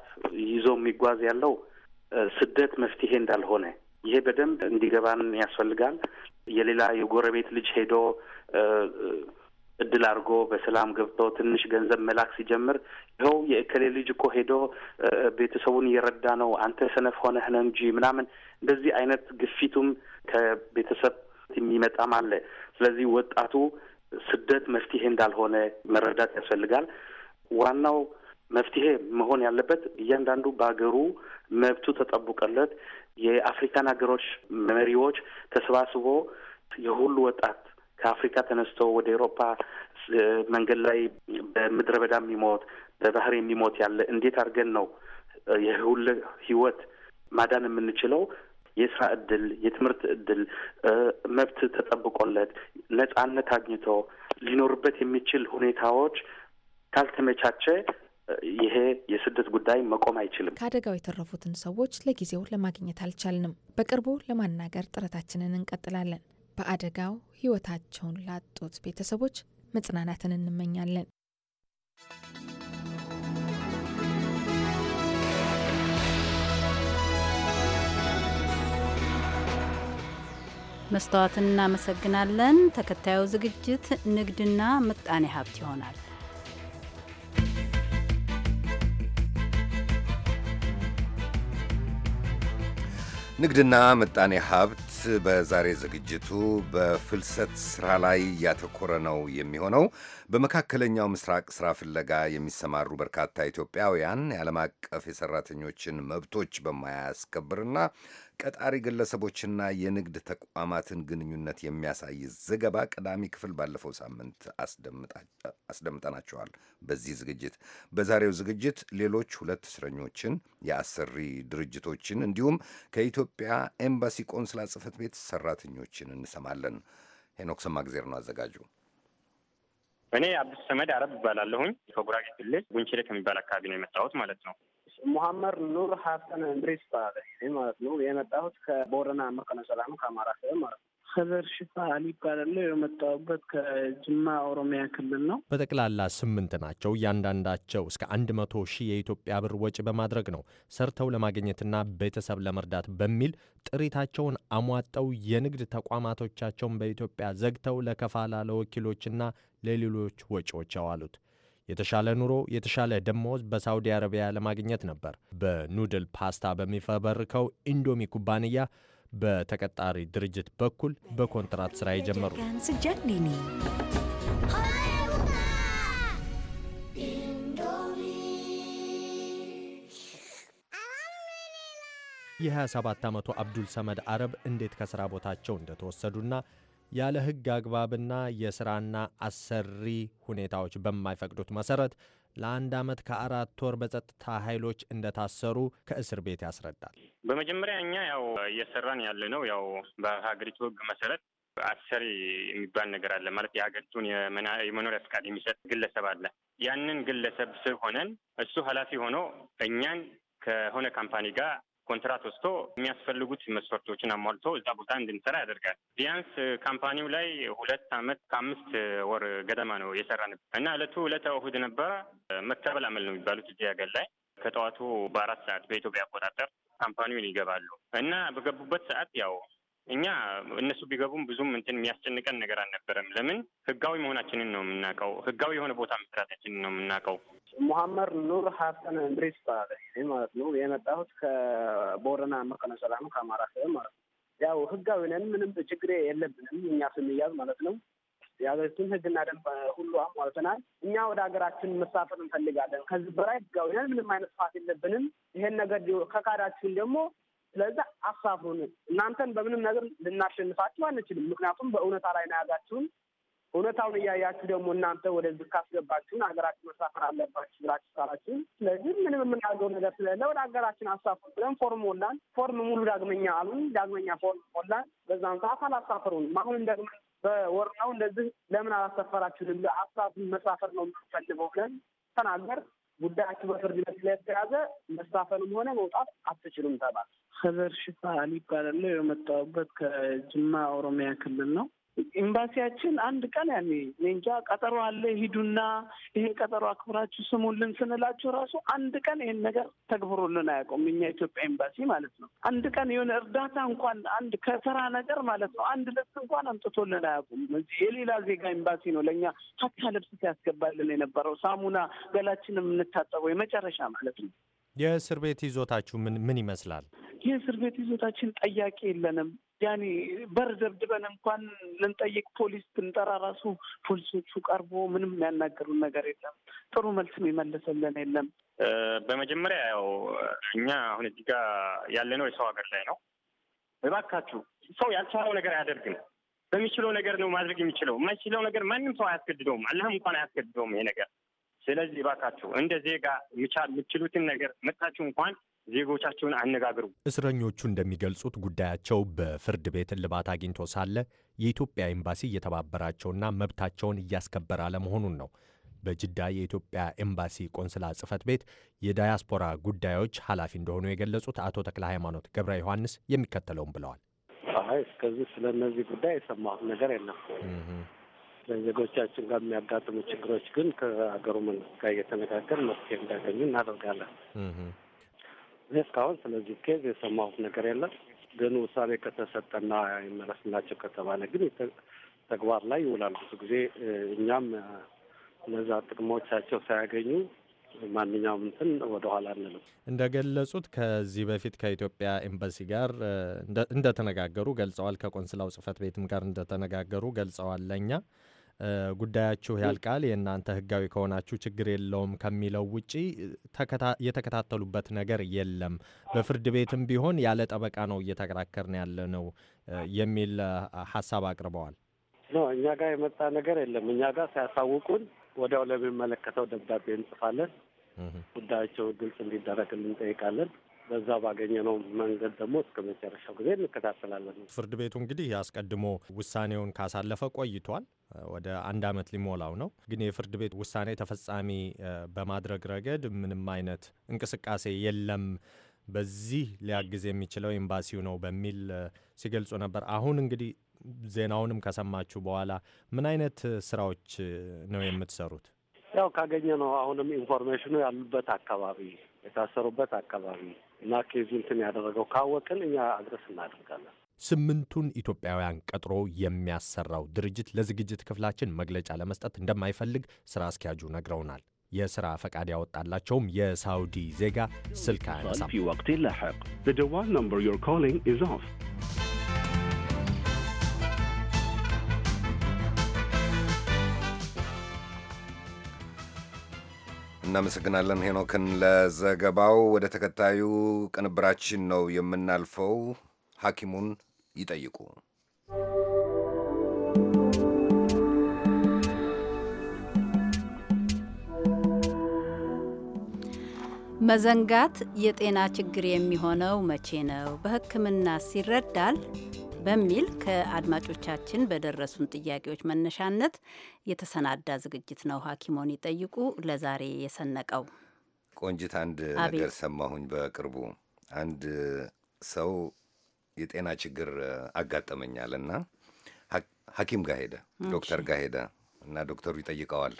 ይዞ የሚጓዝ ያለው ስደት መፍትሄ እንዳልሆነ ይሄ በደንብ እንዲገባን ያስፈልጋል። የሌላ የጎረቤት ልጅ ሄዶ እድል አድርጎ በሰላም ገብቶ ትንሽ ገንዘብ መላክ ሲጀምር ይኸው የእከሌ ልጅ እኮ ሄዶ ቤተሰቡን እየረዳ ነው፣ አንተ ሰነፍ ሆነህ ነው እንጂ ምናምን እንደዚህ አይነት ግፊቱም ከቤተሰብ የሚመጣም አለ። ስለዚህ ወጣቱ ስደት መፍትሄ እንዳልሆነ መረዳት ያስፈልጋል። ዋናው መፍትሄ መሆን ያለበት እያንዳንዱ በሀገሩ መብቱ ተጠብቀለት የአፍሪካን ሀገሮች መሪዎች ተሰባስቦ የሁሉ ወጣት ከአፍሪካ ተነስቶ ወደ ኤሮፓ መንገድ ላይ በምድረ በዳ የሚሞት በባህር የሚሞት ያለ እንዴት አድርገን ነው የሁለ ህይወት ማዳን የምንችለው? የስራ እድል፣ የትምህርት እድል፣ መብት ተጠብቆለት ነጻነት አግኝቶ ሊኖርበት የሚችል ሁኔታዎች ካልተመቻቸ ይሄ የስደት ጉዳይ መቆም አይችልም። ከአደጋው የተረፉትን ሰዎች ለጊዜው ለማግኘት አልቻልንም። በቅርቡ ለማናገር ጥረታችንን እንቀጥላለን። በአደጋው ሕይወታቸውን ላጡት ቤተሰቦች መጽናናትን እንመኛለን። መስተዋትን እናመሰግናለን። ተከታዩ ዝግጅት ንግድና ምጣኔ ሀብት ይሆናል። ንግድና ምጣኔ ሀብት በዛሬ ዝግጅቱ በፍልሰት ስራ ላይ እያተኮረ ነው የሚሆነው። በመካከለኛው ምስራቅ ስራ ፍለጋ የሚሰማሩ በርካታ ኢትዮጵያውያን የዓለም አቀፍ የሰራተኞችን መብቶች በማያስከብርና ቀጣሪ ግለሰቦችና የንግድ ተቋማትን ግንኙነት የሚያሳይ ዘገባ ቀዳሚ ክፍል ባለፈው ሳምንት አስደምጠናቸዋል። በዚህ ዝግጅት በዛሬው ዝግጅት ሌሎች ሁለት እስረኞችን፣ የአሰሪ ድርጅቶችን እንዲሁም ከኢትዮጵያ ኤምባሲ ቆንስላ ጽፈት ቤት ሰራተኞችን እንሰማለን። ሄኖክ ሰማግዜር ነው አዘጋጁ። እኔ አብዱስ ሰመድ አረብ እባላለሁኝ። ከጉራጌ ክልል ጉንችሌ ከሚባል አካባቢ ነው የመጣሁት ማለት ነው። ሙሐመድ ኑር ሀሰን እንድሪስ ይባላል ማለት ነው። የመጣሁት ከቦረና መቀነ ሰላም ከአማራ ክልል ማለት ነው። ከበር ሽፋ አሊ ይባላል። የመጣሁበት ከጅማ ኦሮሚያ ክልል ነው። በጠቅላላ ስምንት ናቸው። እያንዳንዳቸው እስከ አንድ መቶ ሺህ የኢትዮጵያ ብር ወጪ በማድረግ ነው ሰርተው ለማግኘትና ቤተሰብ ለመርዳት በሚል ጥሪታቸውን አሟጠው የንግድ ተቋማቶቻቸውን በኢትዮጵያ ዘግተው ለከፋላ ለወኪሎችና ለሌሎች ወጪዎች ያዋሉት። የተሻለ ኑሮ፣ የተሻለ ደሞዝ በሳውዲ አረቢያ ለማግኘት ነበር በኑድል ፓስታ በሚፈበርከው ኢንዶሚ ኩባንያ በተቀጣሪ ድርጅት በኩል በኮንትራት ስራ የጀመሩ የ የ27 ዓመቱ አብዱል ሰመድ አረብ እንዴት ከሥራ ቦታቸው እንደተወሰዱና ያለ ሕግ አግባብና የሥራና አሰሪ ሁኔታዎች በማይፈቅዱት መሠረት ለአንድ ዓመት ከአራት ወር በጸጥታ ኃይሎች እንደታሰሩ ከእስር ቤት ያስረዳል። በመጀመሪያ እኛ ያው እየሰራን ያለ ነው ያው በሀገሪቱ ሕግ መሠረት አሰሪ የሚባል ነገር አለ ማለት የሀገሪቱን የመኖሪያ ፈቃድ የሚሰጥ ግለሰብ አለ። ያንን ግለሰብ ስር ሆነን እሱ ኃላፊ ሆኖ እኛን ከሆነ ካምፓኒ ጋር ኮንትራት ወስዶ የሚያስፈልጉት መስፈርቶችን አሟልቶ እዛ ቦታ እንድንሰራ ያደርጋል። ቢያንስ ካምፓኒው ላይ ሁለት አመት ከአምስት ወር ገደማ ነው የሰራንበት እና እለቱ እለተ እሁድ ነበረ። መከበል አመል ነው የሚባሉት እዚህ ሀገር ላይ ከጠዋቱ በአራት ሰዓት በኢትዮጵያ አቆጣጠር ካምፓኒውን ይገባሉ እና በገቡበት ሰዓት ያው እኛ እነሱ ቢገቡም ብዙም እንትን የሚያስጨንቀን ነገር አልነበረም። ለምን ህጋዊ መሆናችንን ነው የምናውቀው። ህጋዊ የሆነ ቦታ መስራታችንን ነው የምናውቀው። ሙሐመድ ኑር ሀሰን እንድሪስ ይባላል። ማለት ነው የመጣሁት ከቦረና መቀነ ሰላም ከአማራ ክልል ማለት ነው። ያው ህጋዊ ነን፣ ምንም ችግር የለብንም። እኛ ስንያዝ ማለት ነው የሀገሪቱን ህግና ደንብ ሁሉ አሟልተናል። እኛ ወደ ሀገራችን መሳፈር እንፈልጋለን። ከዚህ በላይ ህጋዊ ነን፣ ምንም አይነት ጥፋት የለብንም። ይሄን ነገር ከካዳችን ደግሞ ስለዛ አሳፍሩን። እናንተን በምንም ነገር ልናሸንፋችሁ አንችልም። ምክንያቱም በእውነታ ላይ ናያጋችሁን እውነታውን እያያችሁ ደግሞ እናንተ ወደዚህ ካስገባችሁን ሀገራችን መሳፈር አለባችሁ ብላችሁ ሳላችሁን፣ ስለዚህ ምንም የምናገው ነገር ስለሌለ ወደ ሀገራችን አሳፍሩ ብለን ፎርም ሞላን። ፎርም ሙሉ ዳግመኛ አሉን። ዳግመኛ ፎርም ሞላን። በዛን ሰዓት አላሳፈሩን። አሁንም ደግሞ በወር ነው እንደዚህ ለምን አላሳፈራችሁንም? አሳፍሩን፣ መሳፈር ነው የምንፈልገው ብለን ተናገር ጉዳያችሁ በፍርድ ቤት ስለተያዘ መሳፈንም ሆነ መውጣት አትችሉም ተባል። ክብር ሽፋ ይባላል። የመጣሁበት ከጅማ ኦሮሚያ ክልል ነው። ኤምባሲያችን አንድ ቀን ያኔ እንጃ ቀጠሮ አለ ሂዱና ይሄ ቀጠሮ አክብራችሁ ስሙልን ስንላችሁ ራሱ አንድ ቀን ይሄን ነገር ተግብሮልን አያውቁም። እኛ ኢትዮጵያ ኤምባሲ ማለት ነው። አንድ ቀን የሆነ እርዳታ እንኳን አንድ ከተራ ነገር ማለት ነው አንድ ልብስ እንኳን አምጥቶልን አያውቁም። የሌላ ዜጋ ኤምባሲ ነው ለእኛ ሀታ ልብስ ሲያስገባልን የነበረው ሳሙና፣ ገላችን የምንታጠበው የመጨረሻ ማለት ነው። የእስር ቤት ይዞታችሁ ምን ምን ይመስላል? የእስር ቤት ይዞታችን ጠያቂ የለንም። ያኔ በር ደብድበን እንኳን ልንጠይቅ ፖሊስ ብንጠራ ራሱ ፖሊሶቹ ቀርቦ ምንም የሚያናገሩን ነገር የለም። ጥሩ መልስም ይመልስልን የለም። በመጀመሪያ ያው እኛ አሁን እዚህ ጋር ያለነው የሰው ሀገር ላይ ነው። እባካችሁ ሰው ያልቻለው ነገር አያደርግም። በሚችለው ነገር ነው ማድረግ የሚችለው። የማይችለው ነገር ማንም ሰው አያስገድደውም፣ አላህም እንኳን አያስገድደውም ይሄ ነገር። ስለዚህ እባካችሁ እንደ ዜጋ የምችሉትን ነገር መጥታችሁ እንኳን ዜጎቻቸውን አነጋግሩ። እስረኞቹ እንደሚገልጹት ጉዳያቸው በፍርድ ቤት እልባት አግኝቶ ሳለ የኢትዮጵያ ኤምባሲ እየተባበራቸውና መብታቸውን እያስከበረ አለመሆኑን ነው። በጅዳ የኢትዮጵያ ኤምባሲ ቆንስላ ጽህፈት ቤት የዳያስፖራ ጉዳዮች ኃላፊ እንደሆኑ የገለጹት አቶ ተክለ ሃይማኖት ገብረ ዮሐንስ የሚከተለውም ብለዋል። አይ እስከዚህ ስለ እነዚህ ጉዳይ የሰማሁት ነገር የለም። ለዜጎቻችን ጋር የሚያጋጥሙ ችግሮች ግን ከሀገሩ መንግስት ጋር እየተነጋገር መፍትሄ እንዳገኙ እናደርጋለን። እኔ እስካሁን ስለዚህ ኬዝ የሰማሁት ነገር የለም። ግን ውሳኔ ከተሰጠና ይመለስላቸው ከተባለ ግን ተግባር ላይ ይውላል። ብዙ ጊዜ እኛም እነዛ ጥቅሞቻቸው ሳያገኙ ማንኛውም እንትን ወደኋላ አንልም። ገለጹት ከዚህ በፊት ከኢትዮጵያ ኤምባሲ ጋር እንደተነጋገሩ ገልጸዋል። ከቆንስላው ጽህፈት ቤትም ጋር እንደተነጋገሩ ገልጸዋል ለኛ ጉዳያችሁ ያልቃል፣ የእናንተ ህጋዊ ከሆናችሁ ችግር የለውም ከሚለው ውጪ የተከታተሉበት ነገር የለም። በፍርድ ቤትም ቢሆን ያለ ጠበቃ ነው እየተከራከርን ያለ ነው የሚል ሀሳብ አቅርበዋል። እኛ ጋር የመጣ ነገር የለም። እኛ ጋር ሲያሳውቁን ወዲያው ለሚመለከተው ደብዳቤ እንጽፋለን። ጉዳያቸው ግልጽ እንዲደረግ እንጠይቃለን። በዛ ባገኘነው መንገድ ደግሞ እስከ መጨረሻው ጊዜ እንከታተላለን። ፍርድ ቤቱ እንግዲህ አስቀድሞ ውሳኔውን ካሳለፈ ቆይቷል። ወደ አንድ ዓመት ሊሞላው ነው። ግን የፍርድ ቤት ውሳኔ ተፈጻሚ በማድረግ ረገድ ምንም አይነት እንቅስቃሴ የለም በዚህ ሊያግዝ የሚችለው ኤምባሲው ነው በሚል ሲገልጹ ነበር። አሁን እንግዲህ ዜናውንም ከሰማችሁ በኋላ ምን አይነት ስራዎች ነው የምትሰሩት? ያው ካገኘ ነው አሁንም ኢንፎርሜሽኑ ያሉበት አካባቢ የታሰሩበት አካባቢ እና ኬዙ እንትን ያደረገው ካወቅን እኛ አድረስ እናደርጋለን። ስምንቱን ኢትዮጵያውያን ቀጥሮ የሚያሰራው ድርጅት ለዝግጅት ክፍላችን መግለጫ ለመስጠት እንደማይፈልግ ስራ አስኪያጁ ነግረውናል። የስራ ፈቃድ ያወጣላቸውም የሳውዲ ዜጋ ስልክ አያነሳም። እናመሰግናለን ሄኖክን ለዘገባው። ወደ ተከታዩ ቅንብራችን ነው የምናልፈው። ሐኪሙን ይጠይቁ መዘንጋት የጤና ችግር የሚሆነው መቼ ነው? በሕክምና ሲረዳል በሚል ከአድማጮቻችን በደረሱን ጥያቄዎች መነሻነት የተሰናዳ ዝግጅት ነው። ሐኪሞን ይጠይቁ ለዛሬ የሰነቀው ቆንጅት፣ አንድ ነገር ሰማሁኝ በቅርቡ አንድ ሰው የጤና ችግር አጋጠመኛል እና ሐኪም ጋር ሄደ፣ ዶክተር ጋር ሄደ እና ዶክተሩ ይጠይቀዋል።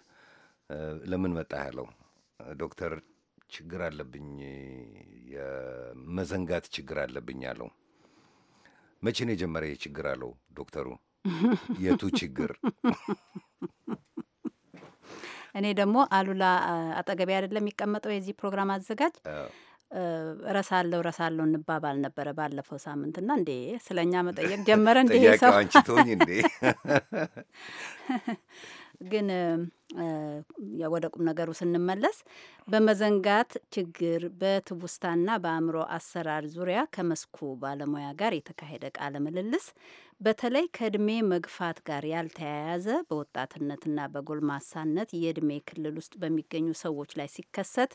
ለምን መጣ ያለው ዶክተር ችግር አለብኝ፣ የመዘንጋት ችግር አለብኝ አለው። መቼ ነው የጀመረ ችግር አለው ዶክተሩ? <laughs> የቱ ችግር? <laughs> እኔ ደግሞ አሉላ አጠገቢ አይደለም የሚቀመጠው የዚህ ፕሮግራም አዘጋጅ ረሳለው ረሳለው እንባባል ነበረ ባለፈው ሳምንት እና እንዴ ስለኛ መጠየቅ ጀመረ እንዴ ሰው አንቺ ትሆኝ እንዴ ግን ወደ ቁም ነገሩ ስንመለስ በመዘንጋት ችግር በትውስታና በአእምሮ አሰራር ዙሪያ ከመስኩ ባለሙያ ጋር የተካሄደ ቃለ ምልልስ በተለይ ከእድሜ መግፋት ጋር ያልተያያዘ በወጣትነትና በጎልማሳነት የእድሜ ክልል ውስጥ በሚገኙ ሰዎች ላይ ሲከሰት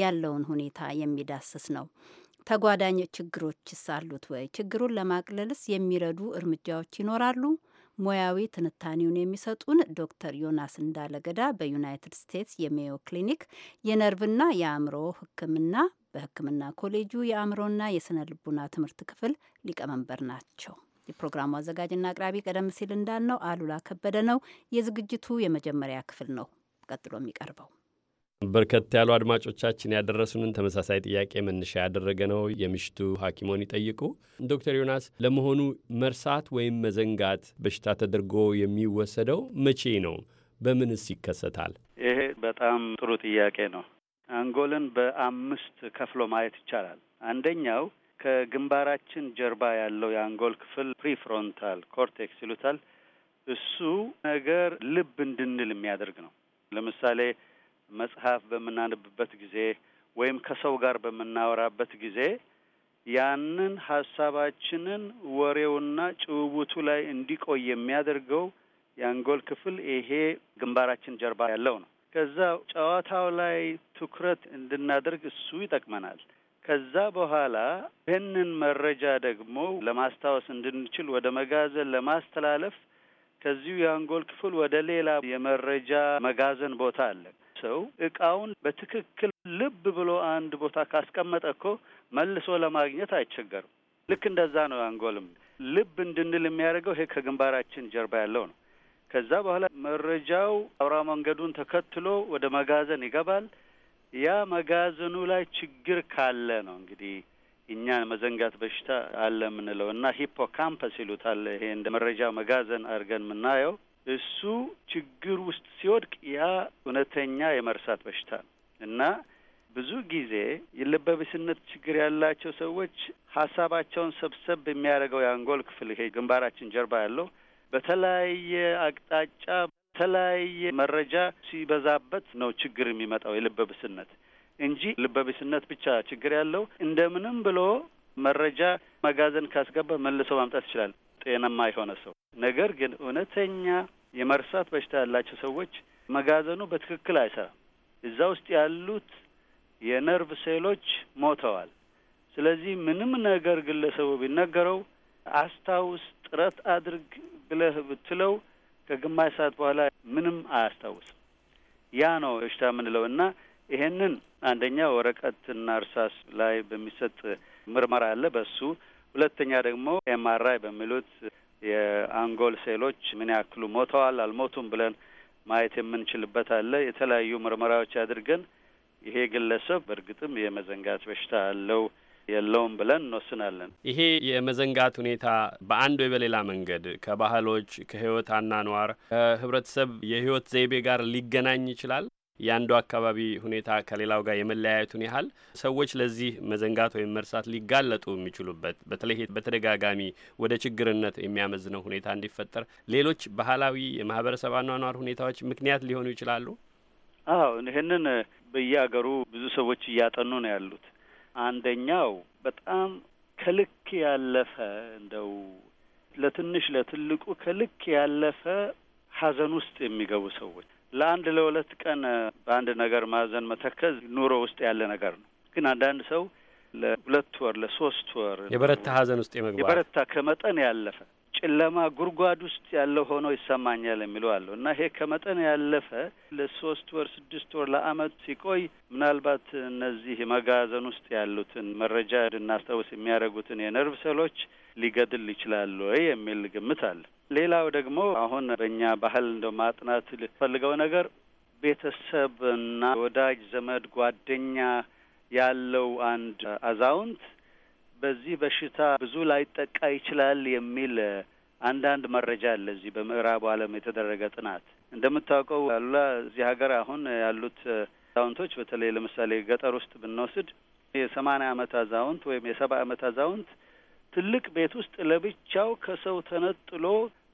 ያለውን ሁኔታ የሚዳስስ ነው። ተጓዳኝ ችግሮችስ አሉት ወይ? ችግሩን ለማቅለልስ የሚረዱ እርምጃዎች ይኖራሉ? ሙያዊ ትንታኔውን የሚሰጡን ዶክተር ዮናስ እንዳለገዳ በዩናይትድ ስቴትስ የሜዮ ክሊኒክ የነርቭና የአእምሮ ሕክምና በሕክምና ኮሌጁ የአእምሮና የስነ ልቡና ትምህርት ክፍል ሊቀመንበር ናቸው። የፕሮግራሙ አዘጋጅና አቅራቢ ቀደም ሲል እንዳልነው አሉላ ከበደ ነው። የዝግጅቱ የመጀመሪያ ክፍል ነው ቀጥሎ የሚቀርበው። በርከት ያሉ አድማጮቻችን ያደረሱንን ተመሳሳይ ጥያቄ መነሻ ያደረገ ነው የምሽቱ ሐኪሞን ይጠይቁ። ዶክተር ዮናስ ለመሆኑ መርሳት ወይም መዘንጋት በሽታ ተደርጎ የሚወሰደው መቼ ነው? በምንስ ይከሰታል? ይሄ በጣም ጥሩ ጥያቄ ነው። አንጎልን በአምስት ከፍሎ ማየት ይቻላል። አንደኛው ከግንባራችን ጀርባ ያለው የአንጎል ክፍል ፕሪፍሮንታል ኮርቴክስ ይሉታል። እሱ ነገር ልብ እንድንል የሚያደርግ ነው። ለምሳሌ መጽሐፍ በምናነብበት ጊዜ ወይም ከሰው ጋር በምናወራበት ጊዜ ያንን ሀሳባችንን ወሬውና ጭውውቱ ላይ እንዲቆይ የሚያደርገው የአንጎል ክፍል ይሄ ግንባራችን ጀርባ ያለው ነው። ከዛ ጨዋታው ላይ ትኩረት እንድናደርግ እሱ ይጠቅመናል። ከዛ በኋላ ይህንን መረጃ ደግሞ ለማስታወስ እንድንችል ወደ መጋዘን ለማስተላለፍ ከዚሁ የአንጎል ክፍል ወደ ሌላ የመረጃ መጋዘን ቦታ አለ። ሰው እቃውን በትክክል ልብ ብሎ አንድ ቦታ ካስቀመጠ እኮ መልሶ ለማግኘት አይቸገርም። ልክ እንደዛ ነው። አንጎልም ልብ እንድንል የሚያደርገው ይሄ ከግንባራችን ጀርባ ያለው ነው። ከዛ በኋላ መረጃው አውራ መንገዱን ተከትሎ ወደ መጋዘን ይገባል። ያ መጋዘኑ ላይ ችግር ካለ ነው እንግዲህ እኛ መዘንጋት በሽታ አለ የምንለው እና ሂፖካምፐስ ይሉታል። ይሄ እንደ መረጃ መጋዘን አድርገን የምናየው እሱ ችግር ውስጥ ሲወድቅ ያ እውነተኛ የመርሳት በሽታ ነው እና ብዙ ጊዜ የልበብስነት ችግር ያላቸው ሰዎች ሀሳባቸውን ሰብሰብ የሚያደርገው የአንጎል ክፍል ይሄ ግንባራችን ጀርባ ያለው በተለያየ አቅጣጫ በተለያየ መረጃ ሲበዛበት ነው ችግር የሚመጣው የልበብስነት እንጂ ልበብስነት ብቻ ችግር ያለው እንደምንም ብሎ መረጃ መጋዘን ካስገባ መልሶ ማምጣት ይችላል ጤናማ የሆነ ሰው። ነገር ግን እውነተኛ የመርሳት በሽታ ያላቸው ሰዎች መጋዘኑ በትክክል አይሰራም። እዛ ውስጥ ያሉት የነርቭ ሴሎች ሞተዋል። ስለዚህ ምንም ነገር ግለሰቡ ቢነገረው አስታውስ፣ ጥረት አድርግ ብለህ ብትለው ከግማሽ ሰዓት በኋላ ምንም አያስታውስም። ያ ነው በሽታ የምንለው እና ይሄንን አንደኛ ወረቀትና እርሳስ ላይ በሚሰጥ ምርመራ አለ በሱ ሁለተኛ ደግሞ ኤምአርአይ በሚሉት የአንጎል ሴሎች ምን ያክሉ ሞተዋል አልሞቱም ብለን ማየት የምንችልበት አለ። የተለያዩ ምርመራዎች አድርገን ይሄ ግለሰብ በእርግጥም የመዘንጋት በሽታ አለው የለውም ብለን እንወስናለን። ይሄ የመዘንጋት ሁኔታ በአንድ ወይ በሌላ መንገድ ከባህሎች፣ ከህይወት አኗኗር፣ ከህብረተሰብ የህይወት ዘይቤ ጋር ሊገናኝ ይችላል። የአንዱ አካባቢ ሁኔታ ከሌላው ጋር የመለያየቱን ያህል ሰዎች ለዚህ መዘንጋት ወይም መርሳት ሊጋለጡ የሚችሉበት በተለይ በተደጋጋሚ ወደ ችግርነት የሚያመዝነው ሁኔታ እንዲፈጠር ሌሎች ባህላዊ የማህበረሰብ አኗኗር ሁኔታዎች ምክንያት ሊሆኑ ይችላሉ። አዎ ይህንን በየሀገሩ ብዙ ሰዎች እያጠኑ ነው ያሉት። አንደኛው በጣም ከልክ ያለፈ እንደው ለትንሽ ለትልቁ ከልክ ያለፈ ሀዘን ውስጥ የሚገቡ ሰዎች ለአንድ ለሁለት ቀን በአንድ ነገር ማዘን መተከዝ ኑሮ ውስጥ ያለ ነገር ነው። ግን አንዳንድ ሰው ለሁለት ወር ለሶስት ወር የበረታ ሀዘን ውስጥ የመግባት የበረታ ከመጠን ያለፈ ጨለማ ጉድጓድ ውስጥ ያለው ሆኖ ይሰማኛል የሚሉ አሉ እና ይሄ ከመጠን ያለፈ ለሶስት ወር ስድስት ወር ለአመት ሲቆይ ምናልባት እነዚህ መጋዘን ውስጥ ያሉትን መረጃ እንድናስታውስ የሚያደርጉትን የነርቭ ሰሎች ሊገድል ይችላሉ ወይ የሚል ግምት አለ። ሌላው ደግሞ አሁን በእኛ ባህል እንደ ማጥናት ልፈልገው ነገር ቤተሰብና ወዳጅ ዘመድ ጓደኛ ያለው አንድ አዛውንት በዚህ በሽታ ብዙ ላይጠቃ ይችላል የሚል አንዳንድ መረጃ አለ። እዚህ በምዕራቡ ዓለም የተደረገ ጥናት እንደምታውቀው አሉላ፣ እዚህ ሀገር አሁን ያሉት አዛውንቶች በተለይ ለምሳሌ ገጠር ውስጥ ብንወስድ የሰማንያ ዓመት አዛውንት ወይም የሰባ ዓመት አዛውንት ትልቅ ቤት ውስጥ ለብቻው ከሰው ተነጥሎ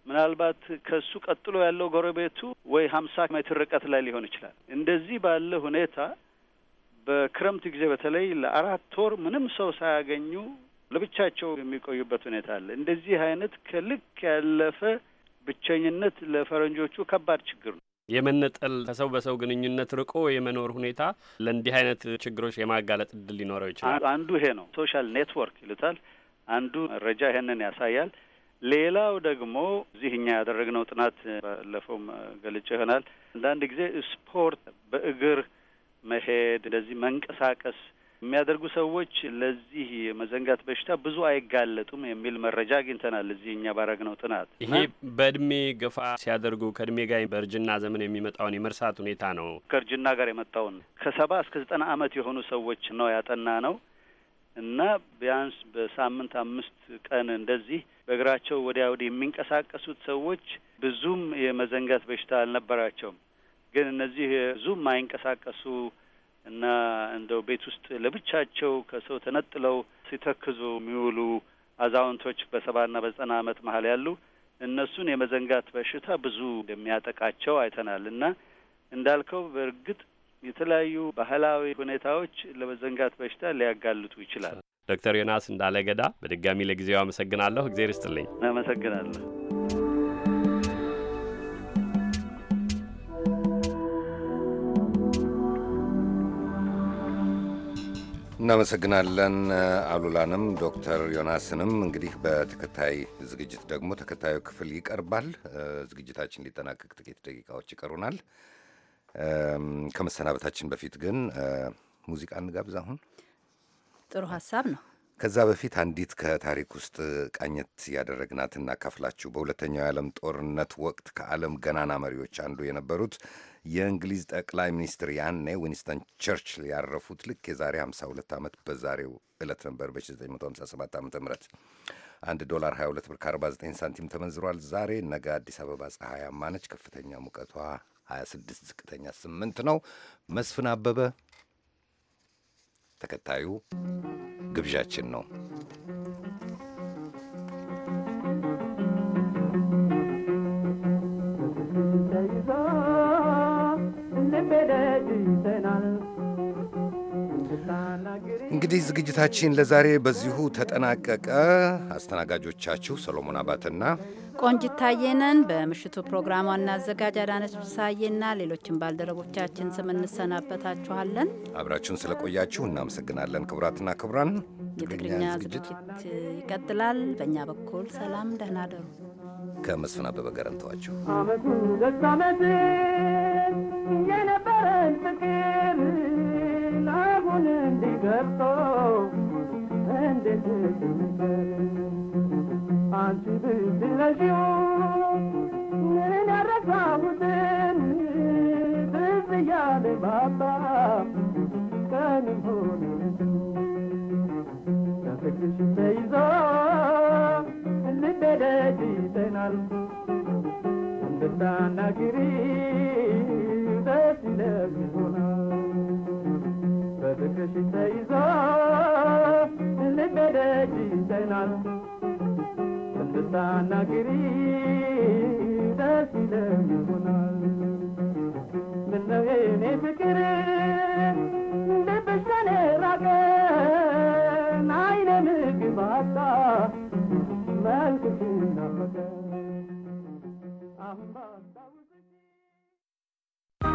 ምናልባት ከሱ ቀጥሎ ያለው ጎረቤቱ ወይ ሀምሳ ሜትር ርቀት ላይ ሊሆን ይችላል። እንደዚህ ባለ ሁኔታ በክረምት ጊዜ በተለይ ለአራት ወር ምንም ሰው ሳያገኙ ለብቻቸው የሚቆዩበት ሁኔታ አለ። እንደዚህ አይነት ከልክ ያለፈ ብቸኝነት ለፈረንጆቹ ከባድ ችግር ነው። የመነጠል ከሰው በሰው ግንኙነት ርቆ የመኖር ሁኔታ ለእንዲህ አይነት ችግሮች የማጋለጥ እድል ሊኖረው ይችላል። አንዱ ይሄ ነው። ሶሻል ኔትወርክ ይሉታል። አንዱ መረጃ ይሄንን ያሳያል። ሌላው ደግሞ እዚህ እኛ ያደረግነው ጥናት ባለፈውም ገልጬ ይሆናል። አንዳንድ ጊዜ ስፖርት በእግር መሄድ፣ እንደዚህ መንቀሳቀስ የሚያደርጉ ሰዎች ለዚህ መዘንጋት በሽታ ብዙ አይጋለጡም የሚል መረጃ አግኝተናል። እዚህ እኛ ባረግነው ጥናት ይሄ በእድሜ ገፋ ሲያደርጉ ከእድሜ ጋር በእርጅና ዘመን የሚመጣውን የመርሳት ሁኔታ ነው። ከእርጅና ጋር የመጣውን ከሰባ እስከ ዘጠና ዓመት የሆኑ ሰዎች ነው ያጠና ነው እና ቢያንስ በሳምንት አምስት ቀን እንደዚህ በእግራቸው ወዲያ ወዲህ የሚንቀሳቀሱት ሰዎች ብዙም የመዘንጋት በሽታ አልነበራቸውም። ግን እነዚህ ብዙ የማይንቀሳቀሱ እና እንደው ቤት ውስጥ ለብቻቸው ከሰው ተነጥለው ሲተክዙ የሚውሉ አዛውንቶች በሰባና በዘጠና ዓመት መሀል ያሉ እነሱን የመዘንጋት በሽታ ብዙ እንደሚያጠቃቸው አይተናል እና እንዳልከው በእርግጥ የተለያዩ ባህላዊ ሁኔታዎች ለመዘንጋት በሽታ ሊያጋልጡ ይችላል። ዶክተር ዮናስ እንዳለገዳ በድጋሚ ለጊዜው አመሰግናለሁ። እግዜር ይስጥልኝ። አመሰግናለሁ። እናመሰግናለን አሉላንም ዶክተር ዮናስንም። እንግዲህ በተከታይ ዝግጅት ደግሞ ተከታዩ ክፍል ይቀርባል። ዝግጅታችን ሊጠናቀቅ ጥቂት ደቂቃዎች ይቀሩናል። ከመሰናበታችን በፊት ግን ሙዚቃ እንጋብዝ። አሁን ጥሩ ሀሳብ ነው። ከዛ በፊት አንዲት ከታሪክ ውስጥ ቃኘት ያደረግናት እናካፍላችሁ። በሁለተኛው የዓለም ጦርነት ወቅት ከዓለም ገናና መሪዎች አንዱ የነበሩት የእንግሊዝ ጠቅላይ ሚኒስትር ያኔ ዊንስተን ቸርችል ያረፉት ልክ የዛሬ 52 ዓመት በዛሬው ዕለት ነበር በ1957 ዓ ም አንድ ዶላር 22 ብር 49 ሳንቲም ተመንዝሯል። ዛሬ ነገ አዲስ አበባ ፀሐያማ ነች። ከፍተኛ ሙቀቷ 26፣ ዝቅተኛ 8 ነው። መስፍን አበበ ተከታዩ ግብዣችን ነው። እንግዲህ ዝግጅታችን ለዛሬ በዚሁ ተጠናቀቀ። አስተናጋጆቻችሁ ሰሎሞን አባትና ቆንጂት ታየነን በምሽቱ ፕሮግራም ዋና አዘጋጅ አዳነች ብሳዬና ሌሎችን ባልደረቦቻችን ስም እንሰናበታችኋለን። አብራችሁን ስለቆያችሁ እናመሰግናለን። ክቡራትና ክቡራን የትግርኛ ዝግጅት ይቀጥላል። በእኛ በኩል ሰላም፣ ደህና ደሩ። ከመስፍን አበበ ጋር እንተዋቸው። አመት የነበረን ፍቅር እንዲገልጠው እንዴት ልንገር አንቺ ብትለሺው ምን ያረሳሁትን ትዝ እያለ ባጣ ቀንም ሆነ ለፍቅርሽ ተይዞ ልቤ ደጅ ይጠናል እንድታናግሪ ደስ ይለኝ በፍቅርሽ ተይዞ ልቀደጅ ይዘናል። እንድታናግሪ ደስ ይለኝ ይሆናል ምነው የኔ ፍቅር ልብሽ ከኔ ራቀ አይነ ምግብ አጣ መልክሽ ናፈቀ